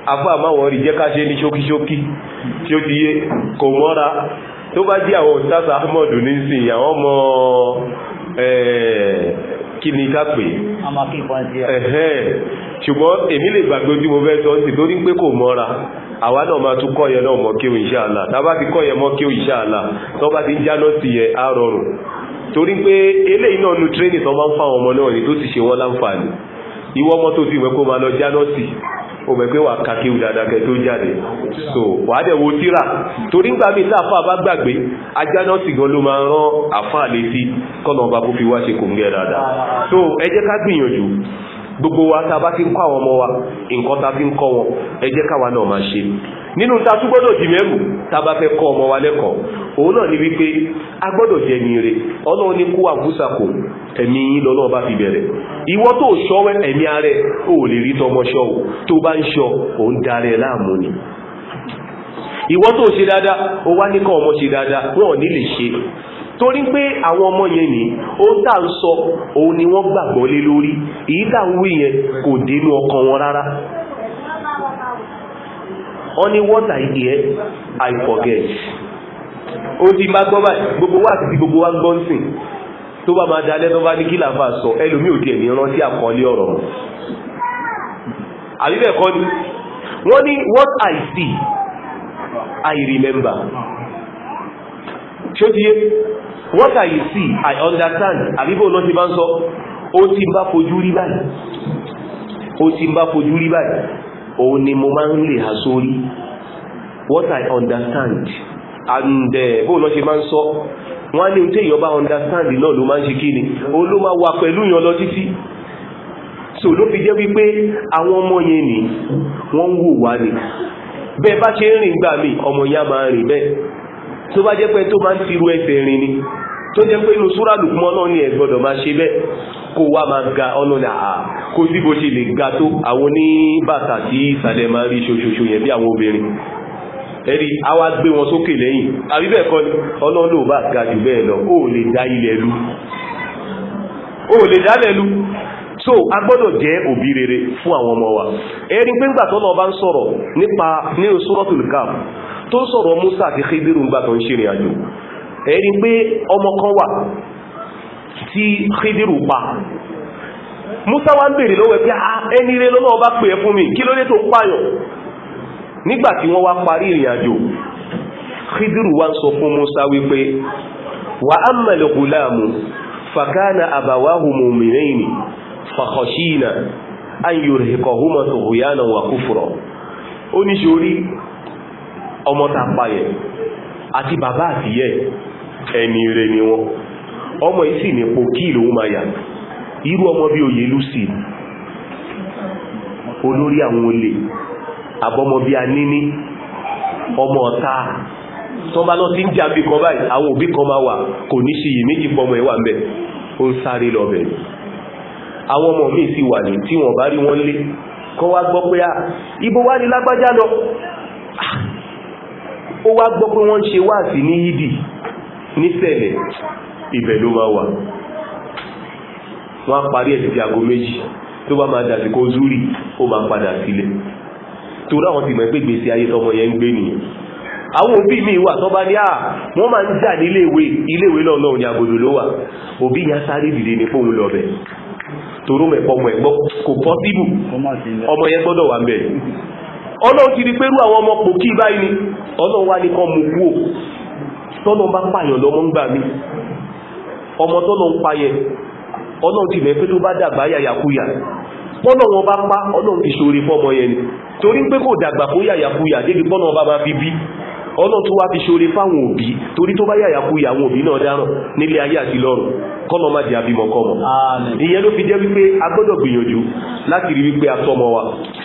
S1: afá máwọn rí jẹ́ káṣe ní ṣókíṣókí tí ó ti yé kò mọ́ra tó bá jẹ́ àwọn òtásà ahmadu ní sin àwọn ọmọ kí ni ká pè ṣùgbọ́n èmi lè gbàgbé ojú mo fẹ́ sọ sí torí pé kò mọ́ra àwa náà máa tún kọ́yẹ náà mọ́ kí o inshallah tàbá ti kọ́yẹ mọ́ kí o inshallah tó bá ti jáná sí yẹ á rọrùn torí pé eléyìí náà nu tírénì tó máa ń fáwọn ọmọ náà ni tó ti ṣe wọ́n láǹfààní ìwọ́mọ́ tó ti wẹ́ kó o mọ̀ pé wà kàkíwù dáadáa tó jáde so wà á dẹ̀wò tíra torí ń gbà mí táàfà bá gbàgbé ajáná sì gan ló máa rán àfáà létí kọ́nà ọba kó fi wá ṣe kò ń gẹ́ dáadáa so ẹ jẹ́ ká gbìyànjú gbogbo wa tá a bá ti ń kọ́ àwọn ọmọ wa nǹkan tá fi ń kọ́ wọn ẹ káwa náà máa ṣe nínú ta tún gbọ́dọ̀ dì mẹ́rù tá a bá fẹ́ kọ́ ọmọ wa lẹ́kọ̀ọ́ òun náà ni wípé a gbọ́dọ̀ jẹ́ ní ire ọlọ́run ní kó àbúsàkò ẹ̀mí yín lọ́lọ́ bá fi bẹ̀rẹ̀ ìwọ tó ṣọ́wẹ́ ẹ̀mí ààrẹ ò lè rí tọmọ tó bá ń ṣọ́ òun darẹ̀ láàmú ni ìwọ tó ṣe dáadáa ó wá níkọ̀ ọmọ ṣe dáadáa wọn ò ní lè ṣe torí pé àwọn ọmọ yẹn ni ó tà ń sọ òun ni wọ́n gbàgbọ́ lé lórí èyí ń wí yẹn kò dénú ọkàn wọn rárá Only what I hear I forget ó ti bá gbọ́ báyìí gbogbo wa àti gbogbo wa gbọ́ ń sìn tó bá máa dalẹ́ tó bá ní kí làbá sọ ẹlòmí ò tiẹ̀ ní rántí àkọọ́lẹ̀ ọ̀rọ̀ mọ́ ni wọ́n ní what I see I remember ṣó ti yé what I see I understand àbí bó náà ti bá ń sọ ó ti bá fojú ó ti bá fojú rí báyìí òun ni mo máa ń lè ha sórí what i understand and eh, bó lọ ṣe máa ń sọ wọ́n ní tí èyàn bá understand náà ló máa ń ṣe kí ni o ló máa wà pẹ̀lú yàn lọ títí so ló fi jẹ́ wípé àwọn ọmọ yẹn ni wọ́n ń wò wá ni bẹ́ẹ̀ bá ṣe ń rìn gbà mí ọmọ yẹn máa rìn bẹ́ẹ̀ tó bá jẹ́ pé tó máa ń firu ẹsẹ̀ rìn ni tó jẹ́ pé inú súrà Lukman náà ni ẹ máa ṣe bẹ́ẹ̀ kó wá máa ga ọlọ́ni àà kó sí bó ṣe lè ga tó àwọn ní bàtà tí ìsàlẹ̀ máa rí ṣoṣoṣo yẹn bí àwọn obìnrin ẹ̀rí àwa gbé wọn sókè lẹ́yìn àbí ni ọlọ́run bá ga jù bẹ́ẹ̀ lọ ó lè dá ilẹ̀ lu so a gbọ́dọ̀ jẹ́ òbí wa ẹ̀rí pé ńgbà tọ́lọ́ bá ń sọ̀rọ̀ nípa ní Suratul Kahf tó ń sọ̀rọ̀ Musa àti Khidiru ńgbà pé ọmọ kan wà tí Khidiru pa Musa wá ń bèèrè lọ́wọ́ pé ah, ẹni rẹ lọ́wọ́ bá pè é fún mi kí ló dé tó pààyàn nígbàtí wọ́n wá parí ìrìn àjò Khidiru wá ń sọ fún Musa wípé wa amma al-ghulamu fakana abawahu ọmọ tàpáyẹ̀ àti bàbá àtìyẹ́ ẹni rẹ̀ ni wọ́n ọmọ yìí ni po kí ìlòun máa yà irú ọmọ bí oyè lucy olórí àwọn olè àbọ́mọ bí a níní ọmọ ọ̀tá tán bá lọ tí ń jà bí kan báyìí àwọn òbí kan máa wà kò ní sí yìí méjì pọmọ ẹwà mẹ́ ó ń sáré lọ bẹ̀ àwọn ọmọ míì sì wà ní tí wọ́n bá rí wọ́n lé kọ́ wá gbọ́ pé ibo wá ní lágbájá lọ ó wá gbọ́ pé wọ́n ń ṣe wáàsí ní yídì nísẹ̀lẹ̀ ibẹ̀ ló máa wà wọ́n á parí ẹ̀sì aago méjì tó bá máa dàsìkò zúrì ó máa padà sílẹ̀ torí àwọn ti mọ̀ pé gbèsè ayé tọmọ yẹn ń gbé nìyẹn àwọn òbí mi wà tó bá ní à ah, wọ́n máa ń jà ní iléèwé iléèwé náà náà ní agbòdò ló wà òbí yẹn bá pààyàn lọ́mọ́ ń gbà mí ọmọ tó lọ ń payẹ ọlọ́run ti mẹ́ pé tó bá dàgbà yàyàkúyà pọ́nà wọn bá pa ọlọ́run ti ṣòrí fọ́mọ yẹn ni torí pé kò dàgbà kó yàyàkúyà débi pọ́nà wọn bá máa fi bí ọlọ́run tó wá fi ṣòrí fáwọn òbí torí tó bá yàyàkúyà àwọn òbí náà dáràn nílé ayé àti lọ́run kọ́nà má di abimọ̀kọ́mọ̀ ìyẹn ló fi jẹ́ wípé a gbọ́dọ̀ gbìyànjú láti rí wípé a tọ́mọ wa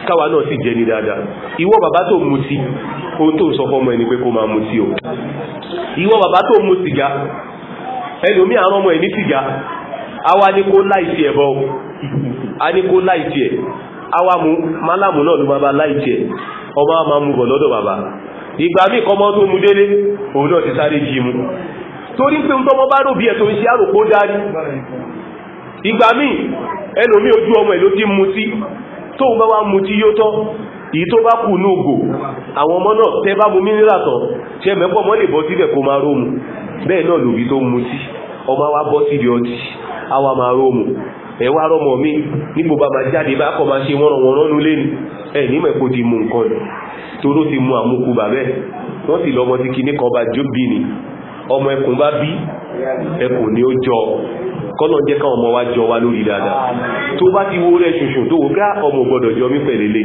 S1: káwa náà sì jẹ́ ní dáadáa ìwọ bàbá tó mutí ohun tó ń sọ fọ́mọ ẹni pé kó máa mutí o ìwọ bàbá tó mu sìgá ẹlòmí àwọn ọmọ ẹ̀ ní sìgá àwa ní kó láìsí a ní kó láìsí ẹ̀ àwa mú málàmù náà ló bàbá láìsí ẹ̀ ọmọ a máa mú bọ̀ lọ́dọ̀ bàbá ìgbà míì kọ́ tó mú délé òun náà ti sáré èyí tó bá kù ní ògò àwọn ọmọ náà tẹ́ bá mu mínírà tán tí ẹmẹ́pọ̀ mọ́ lè bọ́ síbẹ̀ kó máa rómù bẹ́ẹ̀ náà lòbí tó mu tí ọmọ wa bọ́ síbi ọtí àwa máa rómù ẹ̀wà rọmọ mi nípò bá máa jáde bá kọ́ máa ṣe wọ́nrọ̀wọ́nrọ́ nú lẹ́nu ẹ̀ nímọ̀ ẹ̀kọ́ ti mu nǹkan nù toró ti mu àmúkú bàbẹ́ wọ́n sì lọ́mọ ti kíní kan bá jó bí ni ọmọ kọ́nà jẹ́ ká ọmọ wa jọ wa lórí dáadáa tó bá ti wó rẹ̀ ṣùṣùn tó wó gá ah, ọmọ gbọ́dọ̀ jọ mí pẹ̀lẹ́lẹ́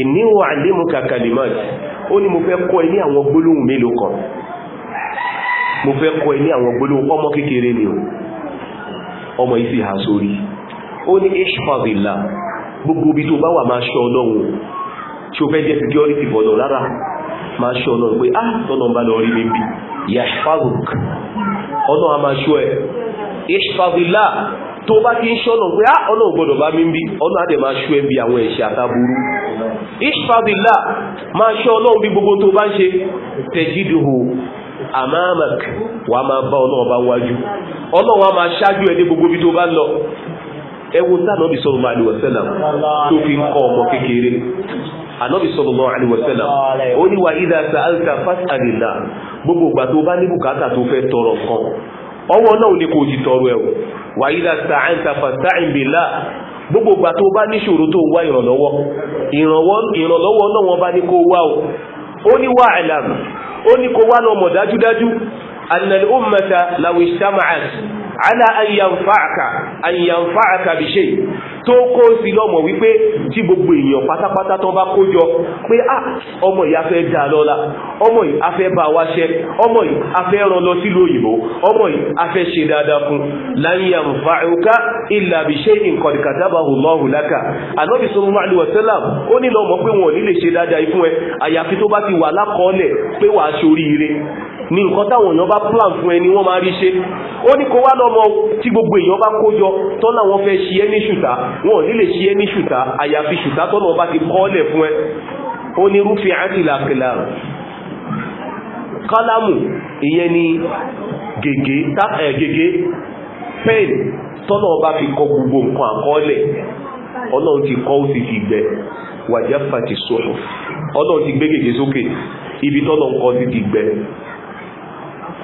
S1: ìní wà lémù kàkàlìmọ́t ó ní mo fẹ́ kọ́ ẹ ní àwọn gbólóhùn mélòó kan mo fẹ́ kọ́ ẹ ní àwọn gbólóhùn ọmọ kékeré ni o ọmọ yìí sì há sórí ó ní ishfadillah gbogbo ibi tó bá wà máa ṣọ́ ọlọ́run tí ó fẹ́ jẹ́ security fọ́nà rárá máa ṣọ́ ọlọ́run pé ah tọ́nà bá lọ rí mi bí yashfaduk ọlọ́run a máa ṣọ́ ẹ ishfadillah tó bá ti ń ṣọ́nà pé á ah, ọ̀nà ògbọ́dọ̀ bá mi ń bí ọ̀nà àdẹ̀ máa ṣú ẹbí àwọn ẹ̀ṣẹ̀ àtàbúrú máa ṣọ́ ọlọ́run bí gbogbo tó bá ń ṣe wà máa bá ọlọ́run bá wájú ọlọ́run wà máa ṣáájú ẹni gbogbo bí tó bá lọ ẹwọ tí ànábì sallallahu alaihi tó fi ń kọ́ ọmọ kékeré ó ní wa tọrọ kan ọwọ́ náà ní kò sì tọrọ ẹ̀wọ̀ wàyídà sàáǹtà fàtàìn bìlá gbogbo ìgbà tó bá níṣòro tó wá ìrànlọ́wọ́ ìrànlọ́wọ́ náà wọ́n bá ní kó wá o ní wà àlàm ó ní kó wá náà mọ̀ dájúdájú ala ayanfa'aka ayanfa'aka bi ṣe tó kó sí lọ́mọ̀ wípé tí gbogbo èèyàn pátápátá tó bá kójọ pé à ah, ọmọ yìí a fẹ́ dá lọ́la ọmọ yìí a fẹ́ bá wa ṣe ọmọ yìí a fẹ́ rán lọ sílùú òyìnbó ọmọ yìí a fẹ́ ṣe dáadáa fún lan yanfa'uka illa bi shay'in qad katabahu Allahu laka ànábì sallallahu alaihi wasallam ó ní lọ́mọ pé wọn ò ní lè ṣe dáadáa yìí fún ẹ àyàfi tó bá ti wà lákọọ́lẹ̀ pé wàá ṣoríire ní nǹkan táwọn ni wọ́n máa rí ṣe ó ní kó wá lọ tọ́mọ tí gbogbo èèyàn bá kó yọ tọ́nà wọn fẹ́ ṣe ẹ́ ní ṣùtá wọn ò ní lè ṣe ẹ́ ní ṣùtá àyàfi ṣùtá tọ́nà ọba ti kọ́ọ́lẹ̀ fún ẹ ó ní rúfin àtìlà kìláàrù kálámù ìyẹn ni gègé gègé pen tọ́nà ọba fi kọ gbogbo nǹkan àkọọ́lẹ̀ ọlọ́run ti kọ́ ó sì fi gbẹ wàjáfà ti sọ̀rọ̀ ọlọ́run ti gbé gègé sókè ibi tọ́nà nǹkan ti ti gbẹ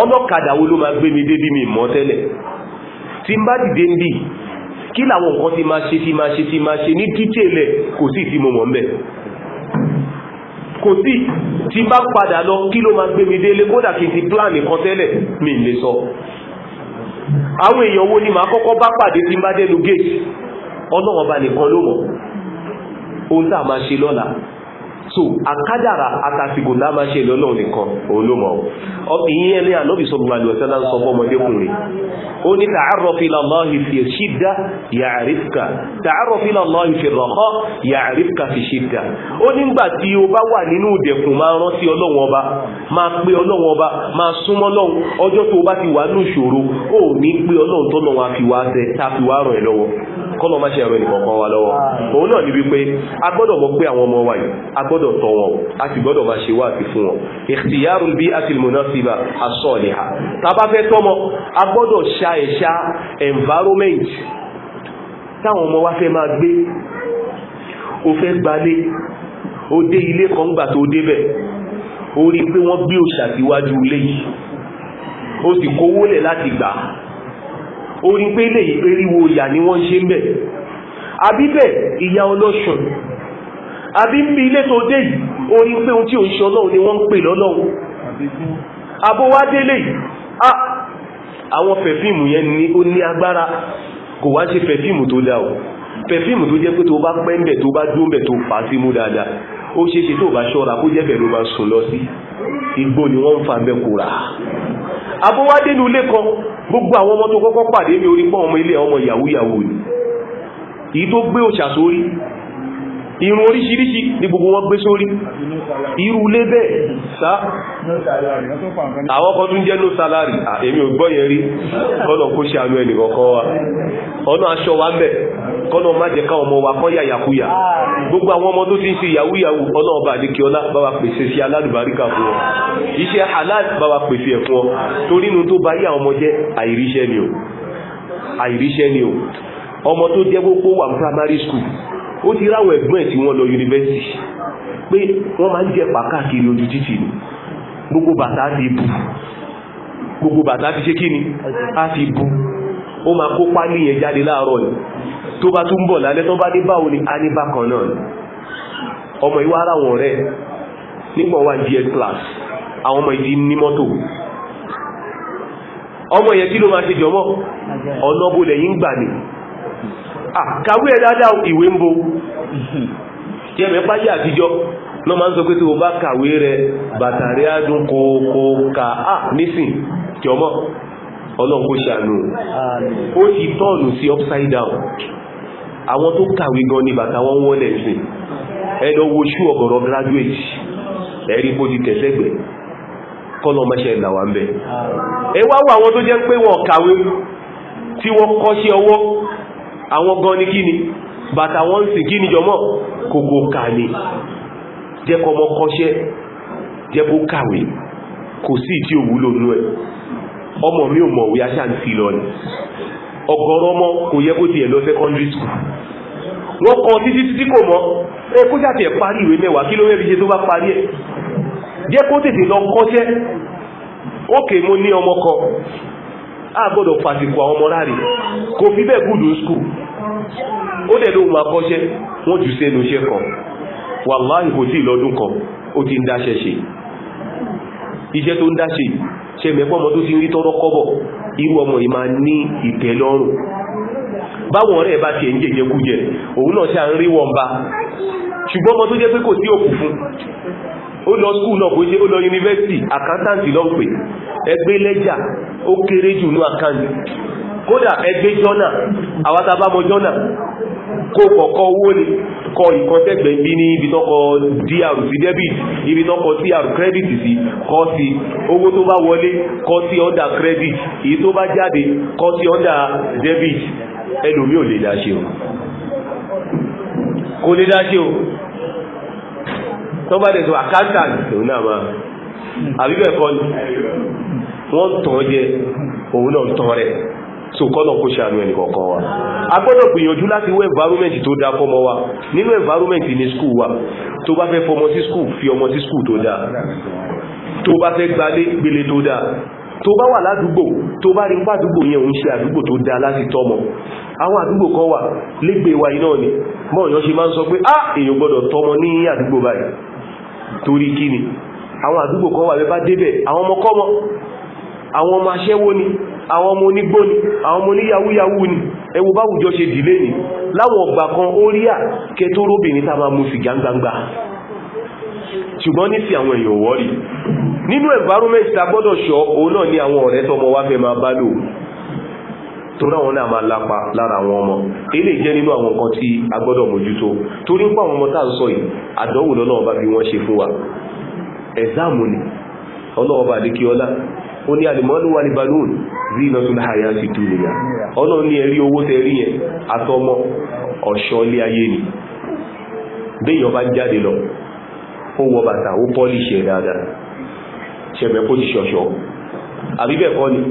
S1: ọlọ́kadà wo ló máa gbé mi débi mi mọ́ tẹ́lẹ̀ tí n bá dìde ń bì kí làwọn nǹkan ti máa ṣe ti máa ṣe ti máa ṣe ní dítẹ̀lẹ̀ kò sí tí mọ̀ ń kò sí tí bá padà lọ kí ló máa gbé mi délé kódà kí n ti plan nǹkan tẹ́lẹ̀ mi lè sọ àwọn èèyàn wo ni màá kọ́kọ́ bá pàdé tí n bá dẹnu gate ọlọ́wọ́n ba nìkan ló mọ̀ ohun tá a máa ṣe lọ́la so akadara àtàsìkò a máa ṣe lọ́nà nìkan òun ló mọ̀ ìyẹn ní ànábì sallallahu alaihi wasallam sọ fọ́mọdékùnrin ó ní fi shidda ya'rifka ta'arraf fi raha fi ó nígbà tí o bá wà nínú ọba máa pé ọba máa súnmọ́ ọjọ́ tó bá ti wà ní ìṣòro ó ní pé ọlọ́run fi wá tá kọ́lọ̀ má ṣe ẹ̀rọ ẹnìkọ̀ọ̀kan wa lọ́wọ́ òun náà ni wípé a gbọ́dọ̀ mọ̀ pé àwọn ọmọ wa yìí a gbọ́dọ̀ tọ́ wọn a sì gbọ́dọ̀ máa ṣe wáàsí fún wọn ikhtiyarul bi'atil munasiba as-saliha tá a bá fẹ́ tọ́mọ a gbọ́dọ̀ ṣa ẹ̀ṣá environment táwọn ọmọ wa fẹ́ máa gbé o fẹ́ gbalé o dé ilé kan gbà tó débẹ̀ o rí pé wọ́n gbé òṣà síwájú ilé yìí o sì kówó lẹ̀ láti gbà á orí pé lè ìpéríwò ìyà ni wọ́n ṣe ń bẹ̀ àbíbẹ̀ ìyà ọlọ́ṣùn àbí ń bí ilé tó dé yìí orí pé ohun tí ò ń ṣe ọlọ́run ni wọ́n ń pè lọ́lọ́run abówádélé àwọn pẹ̀fíìmù yẹn ni ó ní agbára kò wá ṣe pẹ̀fíìmù tó dá o pẹ̀fíìmù tó jẹ́ pé tó bá pẹ́ ńbẹ̀ tó bá dúnbẹ̀ tó fà sí mú dáadáa ó ṣeéṣe tó bá ṣọ́ra kó jẹ́bẹ̀ ló bá sùn lọ sí igbó ni wọ́n ń fa bẹ́kùrà abówádénú ilé kan gbogbo àwọn ọmọ tó kọ́kọ́ pàdé ní orí pọ́n ọmọ ilé ọmọ yahoo yahoo ni tó gbé òṣà sórí irun oríṣiríṣi ní gbogbo wọn gbé sórí irú
S2: ilé bẹ́ẹ̀
S1: sá àwọn kan tún jẹ́ no salary èmi ò gbọ́ yẹn rí ọ̀nà kó ṣe àánú ẹnì kọ̀ọ̀kan wa ọ̀nà aṣọ wa bẹ̀ kọ́nà má jẹ́ káwọn ọmọ wa kọ́ yàyàkuyà gbogbo àwọn ọmọ tó ti ń ṣe yàwúyàwú ọ̀nà ọba àdékè ọlá bá wa pèsè sí alálùbáríkà fún ọ iṣẹ́ halal bá wa pèsè ẹ̀ fún ọ torí inú tó bá yí àwọn ọmọ jẹ́ àìríṣẹ́ ni o àìríṣẹ́ ni o ọmọ tó jẹ́ gbogbo wà primary school ó ti ráwọ̀ ẹ̀gbọ́n ẹ̀ tí wọ́n lọ yunifásitì pé wọ́n máa ń jẹ́ pàkàkiri ojú títì ní gbogbo bàtà ti bù gbogbo bàtà ti ṣe kí ni a ti bù ó máa kó pálí yẹn jáde láàárọ̀ ni tó bá tún bọ̀ lálẹ́ tó bá dé báwo ni a ní bákan náà ni ọmọ ìwá ara wọn rẹ̀ nígbà wà gs Ah, kàwé ẹ̀ dáadáa ìwé ń bo tí ẹ̀mẹ́ páyé àtijọ́ lọ máa ń sọ pé tí o bá kàwé rẹ bàtàrí adùn kòókò ká ah, à nísìn tí ọmọ ọlọ́nkó ṣàánú ó ti tọ́ọ̀nù sí upside down àwọn tó kàwé gan ni bàtà wọn wọlé sí ẹ̀dọ̀ wo ṣú ọ̀gọ̀rọ̀ graduate ẹ̀rí ti àwọn gan ní kíni bàtà wọ́n sì kíni jọmọ́ kògò kà ní jẹ́kọ ọmọ kọ́ṣẹ́ jẹ́kọ kàwé kò sí tí ò wúlò nú ẹ̀ ọmọ mi ò mọ̀wé aṣá ń fi lọ ni ọ̀gọ̀rọ̀ ọmọ kò yẹ kó tiẹ̀ lọ secondary school wọ́n kọ títí títí kò mọ́ mo ní ọmọ kan àgbọ́dọ̀ fàsìkò àwọn ọmọ láàrin kò fi bẹ́ẹ̀ gùdù skùl ó dẹ̀ ló ma kọ́ṣẹ́ wọ́n jù sẹ́nu iṣẹ́ kan wàláhì kò tí lọ́dún kan ó ti ń dáṣẹ́ ṣe iṣẹ́ tó ń dáṣẹ́ ṣe mẹ́fọ́ ọmọ tó ti ń rí ó lọ skúl náà kò ṣe ó lọ yunifásitì àkántáǹtì lọ pè ẹgbẹ́ lẹ́jà ó kéré jù ní àkáǹtì kódà ẹgbẹ́ jọ́nà àwátabámọ jọ́nà kó kọ̀kọ́ owó ni kọ ìkọ́tẹ̀gbẹ̀ bí ní ibi tọ́kọ dr sí debit ibi tọ́kọ tr credit sí kọ́ sí owó tó bá wọlé kọ́ sí under credit èyí tó bá jáde kọ́ sí under debit ẹlòmí ò lè dáṣe o kò lè dáṣe o tó bá dẹ̀ tó accountant òun náà máa àbíbẹ̀ kọ́ ni wọ́n tàn jẹ òun náà tàn rẹ̀ so kọ́nà kó ṣàánú ẹnì kọ̀ọ̀kan wa a gbọ́dọ̀ gbìyànjú láti wọ environment tó dá fọ́mọ wa nínú environment ní school wa tó bá fẹ́ fọmọ sí school fi ọmọ sí school tó dá tó bá fẹ́ gbalé gbélé tó dá tó bá wà ládùúgbò tó bá rí pàdúgbò yẹn òun ṣe àdúgbò tó dá láti tọ́mọ àwọn àdúgbò kan wà lẹ́gbẹ̀ẹ́ wa iná ni mọ́ ọ̀yọ́ ṣe máa ń sọ pé ah èèyàn gbọ́dọ̀ tọ́mọ ní àdúgbò báyìí torí kí ni àwọn àdúgbò kan wà bẹ́ bá débẹ̀ àwọn ọmọkọ́mọ àwọn ọmọ aṣẹ́wó ni àwọn ọmọ onígbó ni àwọn ọmọ oníyàwóyàwó ni ẹ wo báwùjọ ṣe dìlé ni láwọn ọgbà kan ó rí à kẹ tó róbìnrin tá máa mú sìgá gbangba ṣùgbọ́n ní sí àwọn èèyàn wọ́rí nínú environment ta ṣọ́ òun náà ni àwọn ọ̀rẹ́ tọmọ wá fẹ́ máa bá lò torí àwọn náà máa lápa lára àwọn ọmọ ilé jẹ́ nínú àwọn nǹkan tí a gbọ́dọ̀ mójútó torí pé àwọn ọmọ tá sọ yìí àdánwò lọ́nà ọba bí wọ́n ṣe fún wa ẹ̀záàmù ni ọlọ́ọba àdékíọlá ó ní alìmọ́lù wà ní balóòn zina ya. ni lọ wọ àbíbẹ̀ kọ́ ni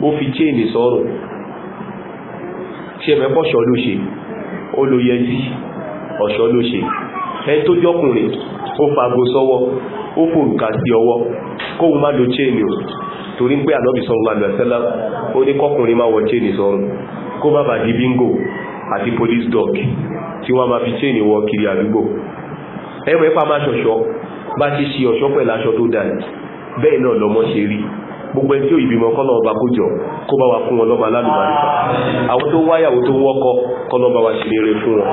S1: ó fi chain sọ́rùn ṣe mẹ́kọ́ ṣọ́ ló ṣe ó lo yẹtí ọ̀ṣọ́ ló ṣe ẹ tó jọ́kùnrin ó fago sọ́wọ́ ó fòrùkà sí ọwọ́ kóhun má lo chain o torí pé ànábì sallallahu alaihi wasallam ó ní kọkùnrin má wọ chain sọ́rùn kó má bà dog tí wọ́n máa fi chain wọ kiri àdúgbò ẹ̀rọ ẹ̀fà má ṣọ̀ṣọ́ bá ṣe ṣe ọ̀ṣọ́ pẹ̀lú aṣọ tó dáa bẹ́ẹ̀ náà lọmọ ṣe rí gbogbo ẹni tí ó ìbímọ kọ́lọ̀ ọba kó jọ kó bá wa fún wọn lọ́mọ alálùbáríkà àwọn tó wáyàwó tó wọ́kọ kọlọ́ba wa ṣe rere fún wọn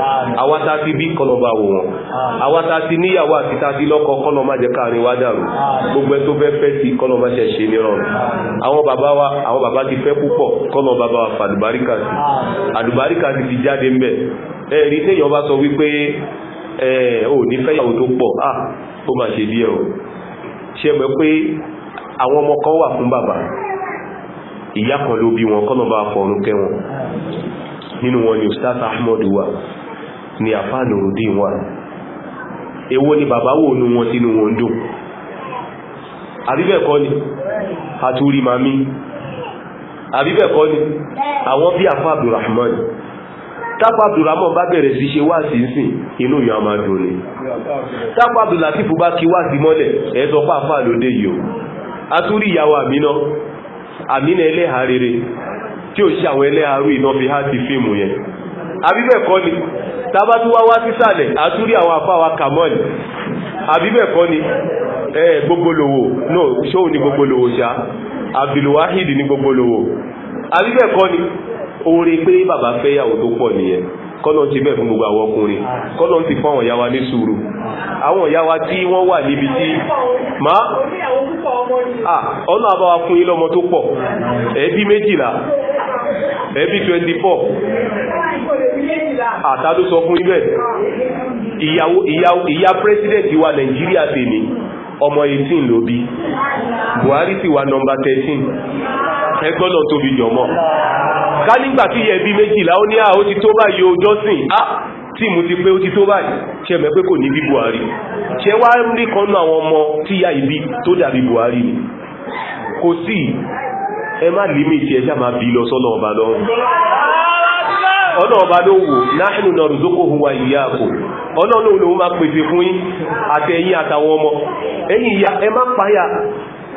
S1: àwa tá ti bí kọlọ́ba wò wọn àwa tá ti níyàwó àti tá ti lọ́kọ kọ́lọ́ má jẹ́ káàrin wá dàrú gbogbo ẹni tó fẹ́ fẹ́ sí kọ́lọ́ má ṣe ṣe nírọ̀rùn àwọn bàbá ṣe mọ̀ pé àwọn ọmọ kan wà fún bàbá ìyá kan ló bí wọn kọ́nà bá fọ̀rún kẹwọn nínú wọn ni ustaz ahmad wà ni àfáànù rùdí wà èwo ni bàbá wò nú wọn sínú wọn dùn àbíbẹ̀kọ́ ni àtúrí mami àbíbẹ̀kọ́ ni àwọn bí àfá abdulrahman tápá abdulrahman bá bẹ̀rẹ̀ sí ṣe wáàsí nsìn inú ìyá ọmọ dùn ni tápá abdulatifu bá kí wáàsí mọ́lẹ̀ ẹ̀ẹ́sọ́pá àfáà lóde yìí àtúrí ìyàwó àmìnà àmìnà ẹlẹ́hà rere tí ó ṣe àwọn ẹlẹ́hà rú iná fi há ti fíìmù yẹn àbíbẹ̀kọ́ ni tàbá tó wá wá sísàlẹ̀ àtúrí àwọn àfáwà kàmọ́ọ̀lì àbíbẹ̀kọ́ ni ẹ̀ gbogbolowo no ṣóò ní gbogbolowo ṣá Abdulwahid ní gbogbolowo àbíbẹ̀kọ́ ni oore pé bàbá fẹ́yàwó tó pọ̀ nìyẹn kọ́lọ̀ ti bẹ̀ fún gbogbo àwọn ọkùnrin kọ́lọ̀ ti fún àwọn ìyá wa ní sùúrù àwọn ìyá wa tí wọ́n wà níbi tí ma ọ̀nà àbáwá fún yín lọ́mọ tó pọ̀ ẹbí méjìlá ẹbí 24 àtàdó sọ fún ibẹ̀ ìyá pírẹsidẹ̀ntì wa nàìjíríà tèmi ọmọ 18 ló bí buhari sì wà nọmbà 13 ẹgbọ́nà tóbi jọmọ́ kàkà nígbà tí yẹ bí méjìlá ó ní à ó ti tó báyìí o tí mú ti pé ó ti tó báyìí ṣe mẹ́ pé kò ní bí Buhari ṣe wá rí kanú àwọn ọmọ tí ya ìbí tó dàbí Buhari ni kò sí ẹ má límìtì ẹ sáà má bí lọ sọ́nà ọba lọ́rùn ọ̀nà ọba ló wò náà huwa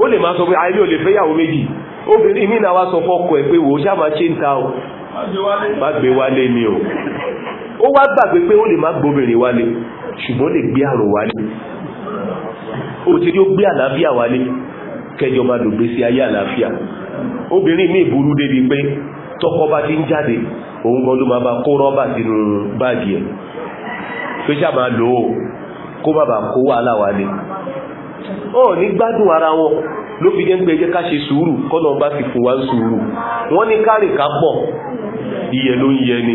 S1: ó lè máa sọ pé ayé ò lè fẹ́ yàwó méjì obìnrin mi náà wá sọ fọ́kọ ẹ̀ pé wò ó ṣáà máa ṣe ń ta o má gbé wálé ni o ó wá gbàgbé pé ó lè má gbóbìnrin wálé ṣùgbọ́n lè gbé àrùn wálé ó ti rí ó gbé àlàáfíà wálé kẹjọ máa lò sí ayé àlàáfíà obìnrin mi burú débi pé tọkọ bá ti ń jáde òun gan ló máa bá kó rọ́bà sínú báàgì ẹ̀ pé ṣáà máa lò ó kó má kó wàhálà wálé ó ní gbádùn ara wọn ló fi jẹ́ pé jẹ́ ká ṣe sùúrù kọ́nà bá ti fún wa ń sùúrù wọ́n ní kárì ká pọ̀ ìyẹ̀ ló ń yẹ ni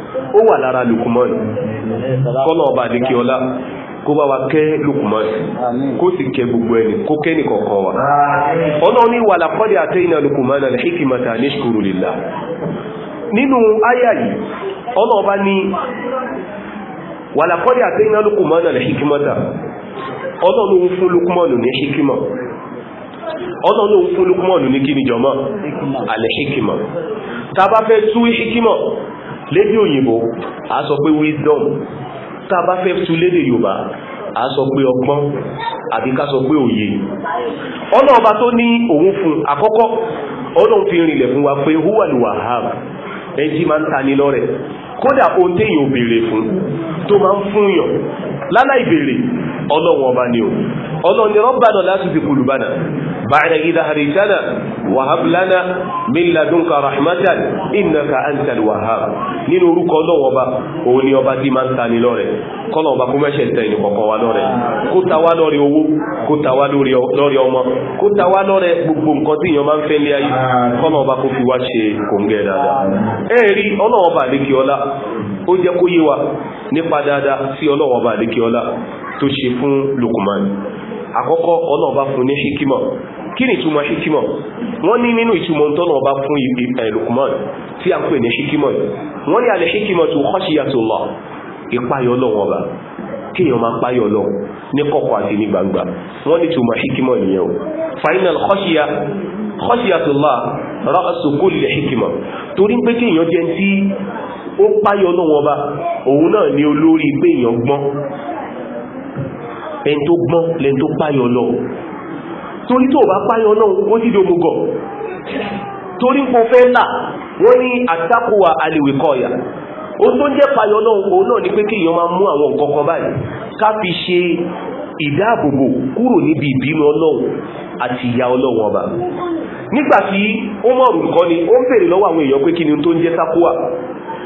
S1: ó wà lára lukumanu kọ́nà ọba àdíkí ọlá kó bá wa kẹ́ lukumanu kó sì kẹ́ gbogbo ẹni kó kẹ́ ní kọ̀ọ̀kan wa ọ̀nà ní wà lápọ́dẹ̀ àtẹ́yìnà lukumanu alhikimata nishkuru lillah nínú àyà yìí ọ̀nà ọba ní wà lápọ́dẹ̀ àtẹ́yìnà lukumanu alhikimata ọ̀nà ló ń fún lukumanu ní hikima ọ̀nà ló ń fún lukumanu ní kíni jọmọ́ alhikima ta bá fẹ́ tú hikima lédè òyìnbó a sọ pé wisdom tá a bá fẹ́ tú lédè yorùbá a sọ pé ọgbọ́n àbí ká sọ pé òye ọ̀nà ọba tó ní òun fún àkọ́kọ́ ọlọ́run fi rìnlẹ̀ fún wa pé húwàlúwà hàm ẹjí máa ń ta ní lọ́rẹ̀ kódà o téèyàn béèrè fún tó máa ń fún yàn láláì béèrè ọba ni o ọlọ́run ni rabbana la tuzigh qulubana ba'da idh hadaytana wa hab lana min na rahmatan innaka antal wahhab nínú orúkọ ọlọ́run ọba ni ọba o máa ń ta ni lọ́rẹ̀ kọ́lọ̀ ọba kó mẹ́ṣẹ̀ tẹ̀ ní kọ̀kọ́ wa lọ́rẹ̀ kó ta wá lọ́rẹ̀ owó kó ta wá lọ́rẹ̀ ọmọ kó gbogbo nǹkan tí máa ń fẹ́ ayé ọba kó fi wá ṣe ó jẹ́ kó yé wa nípa dáadáa sí ọlọ́wọ́ ọba àdékíọlá tó ṣe fún Lukman àkọ́kọ́ ọlọ́ọ̀bá fún ní ṣíkímọ̀ kí ni ìtumọ̀ ṣíkímọ̀ wọ́n ní nínú ìtumọ̀ tọ́lọ̀ọ̀bá fún eh, Lukman tí a ń pè ní ṣíkímọ̀ wọ́n ní alẹ́ ṣíkímọ̀ tó khashiyatullah ìpáyọ̀ ọlọ́wọ́ ọba kíyàn máa páyọ̀ lọ ní kọ̀kọ̀ àti ní gbangba wọ́n ní túnmà hikima nìyẹn o final khashiya khashiyatullah ra'su kulli hikima torí pé kíyàn jẹ́ tí ó páyọ náà wọn bá òun náà ni olórí pé èèyàn gbọ́n ẹn tó gbọ́n lẹ́n tó páyọ lọ torí tó bá páyọ náà ó sì dó mugọ̀ torí kò fẹ́ là wọ́n ní àtàkùwà alìwẹ̀kọ̀ọ̀yà ó tó jẹ́ páyọ náà òun náà ni pé kí èèyàn máa mú nígbàtí ó mọ̀rùn kọ́ ni ó ń bèèrè lọ́wọ́ àwọn èèyàn pé kí ni tó ń jẹ́ sákúwà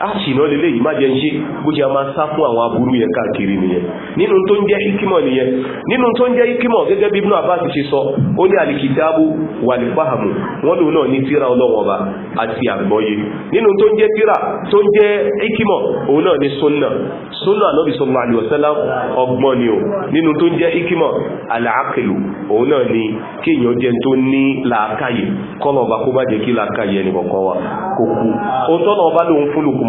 S1: àṣìná ah, lè léyìí má jẹ ń ṣe bó ṣe a máa sá fún àwọn aburú yẹn káàkiri nìyẹn nínú tó ń jẹ́ ikimọ̀ nìyẹn nínú tó ń jẹ́ ikimọ̀ gẹ́gẹ́ bí Ibn Abbas ṣe sọ ó ní alikitabu walifahamu wọ́n lòun náà ní tíra ọlọ́wọ́n ọba àti àgbọ́yé nínú tó ń jẹ́ tíra tó ń jẹ́ ikimọ̀ òun náà ní sunna sunna anabi sallallahu alaihi wasallam ọgbọ́n ni o nínú tó ń jẹ́ ikimọ̀ alaakilu òun náà ni kéèyàn jẹ́ tó ní làákàyè kọ́nà ọba kó bá jẹ́ kí làákàyè ẹnì kọ̀ọ̀kan wa kò kú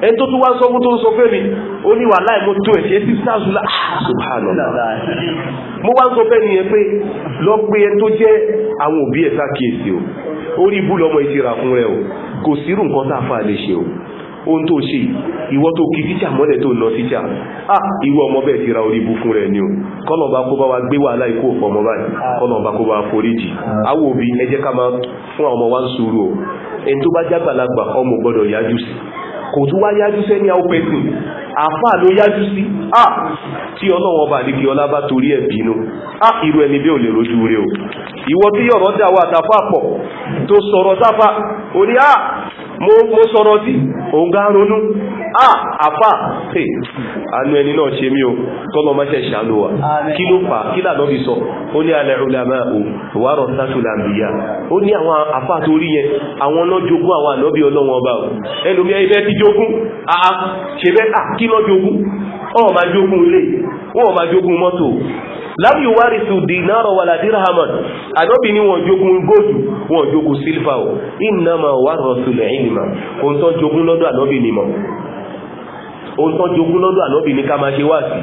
S1: ẹni tó tún wá sọ fún tó ń sọ fẹ́ mi ó ní wà láì mo tó ẹ̀ ṣe sísá zula subhanallah mo wá ń sọ fẹ́ nìyẹn pé lọ pé ẹni tó jẹ́ àwọn òbí ẹ̀ sákìyèsí o ó rí ibú lọmọ ìṣira fún rẹ o kò sírù nǹkan tá a fà lè ṣe o ohun tó ṣe ìwọ tó kí tíṣà mọ́lẹ̀ tó lọ tíṣà à ah, ìwọ ọmọ bẹ́ẹ̀ ti ra orí ibú fún rẹ̀ ni o kọ́lọ̀bá kó bá wa gbé wà láìkó ọmọ báyìí kọ́lọ̀bá kó bá wa foríjì àwọn òbí ẹ jẹ́ ká máa fún àwọn ọmọ wa ń sùúrù o ẹni tó bá jágbàlagbà ọmọ gbọ́dọ̀ yájú sí kò tún wá yájú sẹ́ni àwọn pẹ̀sìn àfà ló yájú sí à tí ọlọ́wọ́ bá ní kí ọlá bá torí ẹ̀ bínú à irú ẹni bí ò lè rojú rẹ o ìwọ tí yọ̀rọ̀ dà wà pọ̀ tó sọ̀rọ̀ sáfà ò ní à mo mo sọ̀rọ̀ sí òǹgá ronú à àfà pè anú ẹni náà ṣe mí o tọ́lọ má ṣe ṣàánú wa kí ló fà kí lànà fi sọ ó ní alẹ́ ìrùlámà ò wà rọ sátúlà bìyà ó jogún a ah, ah, ṣe bẹ́ẹ̀ ah, kí lọ jogún wọ́n ma jogún ilé wọ́n ma jogún mọ́tò lábí wárí tó di náà wà ládírà hamad àdọ́bì ni wọ́n jogún góòdù wọ́n jogún sílfà ò iná ma wà rọ̀sùlẹ̀ ìnìmà ohun tó jogún lọ́dọ̀ àdọ́bì ni mọ̀ ohun tó jogún lọ́dọ̀ ni ká máa ṣe wá sí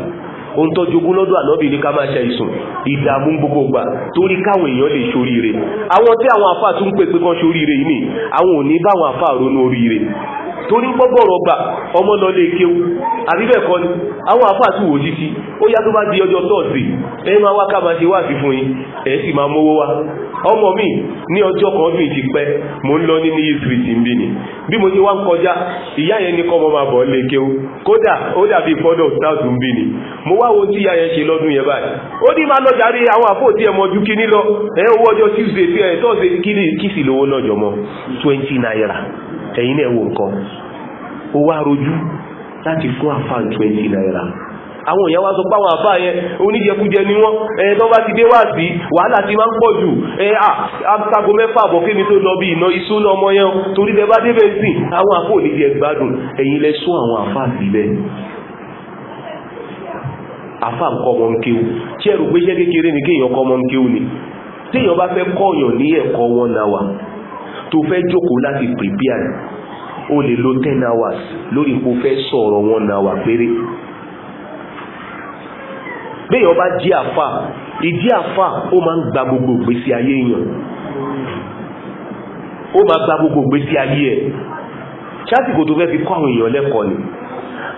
S1: ohun tó jogún lọ́dọ̀ ànábì ní ká máa ṣe ìsùn ìdààmú gbogbo gbà torí káwọn èèyàn lè ṣoríire àwọn tí àwọn àfáà tún pè pé kán ṣoríire yìí àwọn ò báwọn àfáà ronú oríire torí pọ́gọ́rọ̀ gbà ọmọ lọ lè kéwú àríbẹ̀kọ́ ni àwọn àfáàtù wò sí ó yá tó bá di ọjọ́ tọ́ọ̀sì ẹ máa wá ká ṣe wá sí fún ẹ sì máa mówó wá ọmọ mi ní ọjọ́ kan bí ti pẹ́ mo ń ní ní ìsìrìtì ń bí mo ti wá ń kọjá ìyá yẹn ní kọ́ mọ́ máa bọ̀ lè kéwú kódà ó dàbí fọ́dọ̀ ń bí wá wo tí ìyá naira ẹ̀yin náà wo nǹkan ó wá rojú láti fún àfà 20 naira àwọn ìyàwó sọ pàwọn àfà yẹn oníjẹkújẹ ni wọ́n ẹ̀yẹn tó bá ti dé wá sí wàhálà ti máa ń pọ̀ jù àtàgò mẹ́fà àbọ̀ kémi tó lọ bí iná iṣó náà ọmọ yẹn torí bẹ bá débẹ̀ sí àwọn àfà oníjẹ gbádùn ẹ̀yin lẹ tó fẹ́ jókòó láti prepare o lè lo ten hours lórí ipò fẹ́ sọ̀rọ̀ one hour péré bẹ́ẹ̀ ọba jí àfà ìdí àfà ó máa ń gba gbogbo ìgbésí ayé èèyàn ó máa gba gbogbo ìgbésí ayé ẹ̀ ṣásìkò tó fẹ́ fi kọ́ àwọn èèyàn lẹ́kọ̀ọ́ ni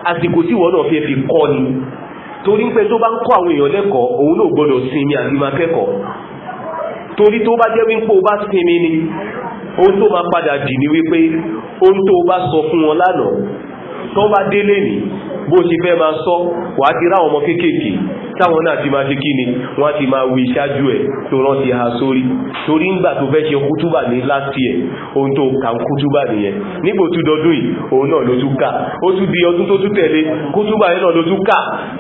S1: àsìkò tí wọ́n náà fẹ́ fi kọ́ ni torí pé tó bá ń kọ́ àwọn èèyàn lẹ́kọ̀ọ́ òun náà gbọ́dọ̀ sinmi àti máa kẹ́kọ̀ọ́ torí tó bá jẹ́ wípé o bá sinmi ni ohun tó máa padà dì ní wípé ohun tó bá sọ fún wọn lánàá tó bá délé ní bó ṣe fẹ́ máa sọ wà ti ráwọn ọmọ kéékèèké táwọn náà ti máa ṣe kí ni wọ́n ti ma wí ṣáájú ẹ̀ tó rán ti ha sórí torí ńgbà tó fẹ́ ṣe kútúbà ní láti ẹ̀ ohun tó kà ń kútúbà nìyẹn nígbò tún dọdún yìí òun náà ló tún kà ó tún di ọdún tó tún tẹ̀lé kútúbà yìí náà ló tún kà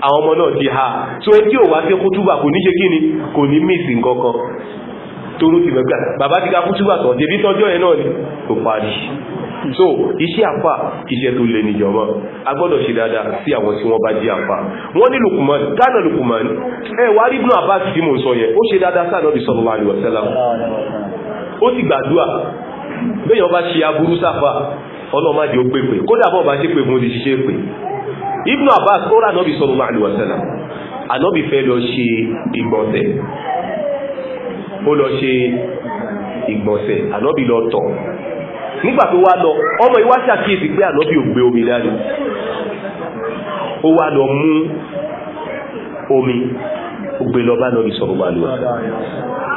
S1: àwọn ọmọ náà ti ha so etí ò wá sí kútúbà kò ní ṣe kí ni kò ní mìsì nǹkan torú ti gbẹ̀gbà bàbá ti ká kú sígbà tọ̀ jẹ́bí tọ́jọ́ ẹ̀ náà ni kò parí so iṣẹ́ àfà iṣẹ́ tó lè nìjọba a gbọ́dọ̀ ṣe dáadáa sí àwọn tí wọ́n bá jẹ́ àfà wọ́n ní Lukman kánà Lukman ẹ wà rí Ibn Abbas tí mo sọ yẹn ó ṣe dáadáa sáà Nabi sallallahu alaihi wasallam ó ti gbàdúà béèyàn bá ṣe aburú sáfà ọlọ́mọdé ó pèpè kódà bọ́ bá ṣe pé mo ti ṣiṣẹ́ pè Ibn Abbas ó rà Nabi sallallahu alaihi wasallam ànọ́bì fẹ́ lọ ṣe ìgbọ̀nsẹ̀ ó lọ ṣe ìgbọ̀nsẹ̀ ànọ́bì lọ tọ̀ nígbà tó wá lọ ọmọ ìwá ṣàkíyèsí pé ànọ́bì ò gbé omi dání ó wá lọ mú omi ó gbé lọ bá nọ́bì sọ̀rọ̀ wà lọ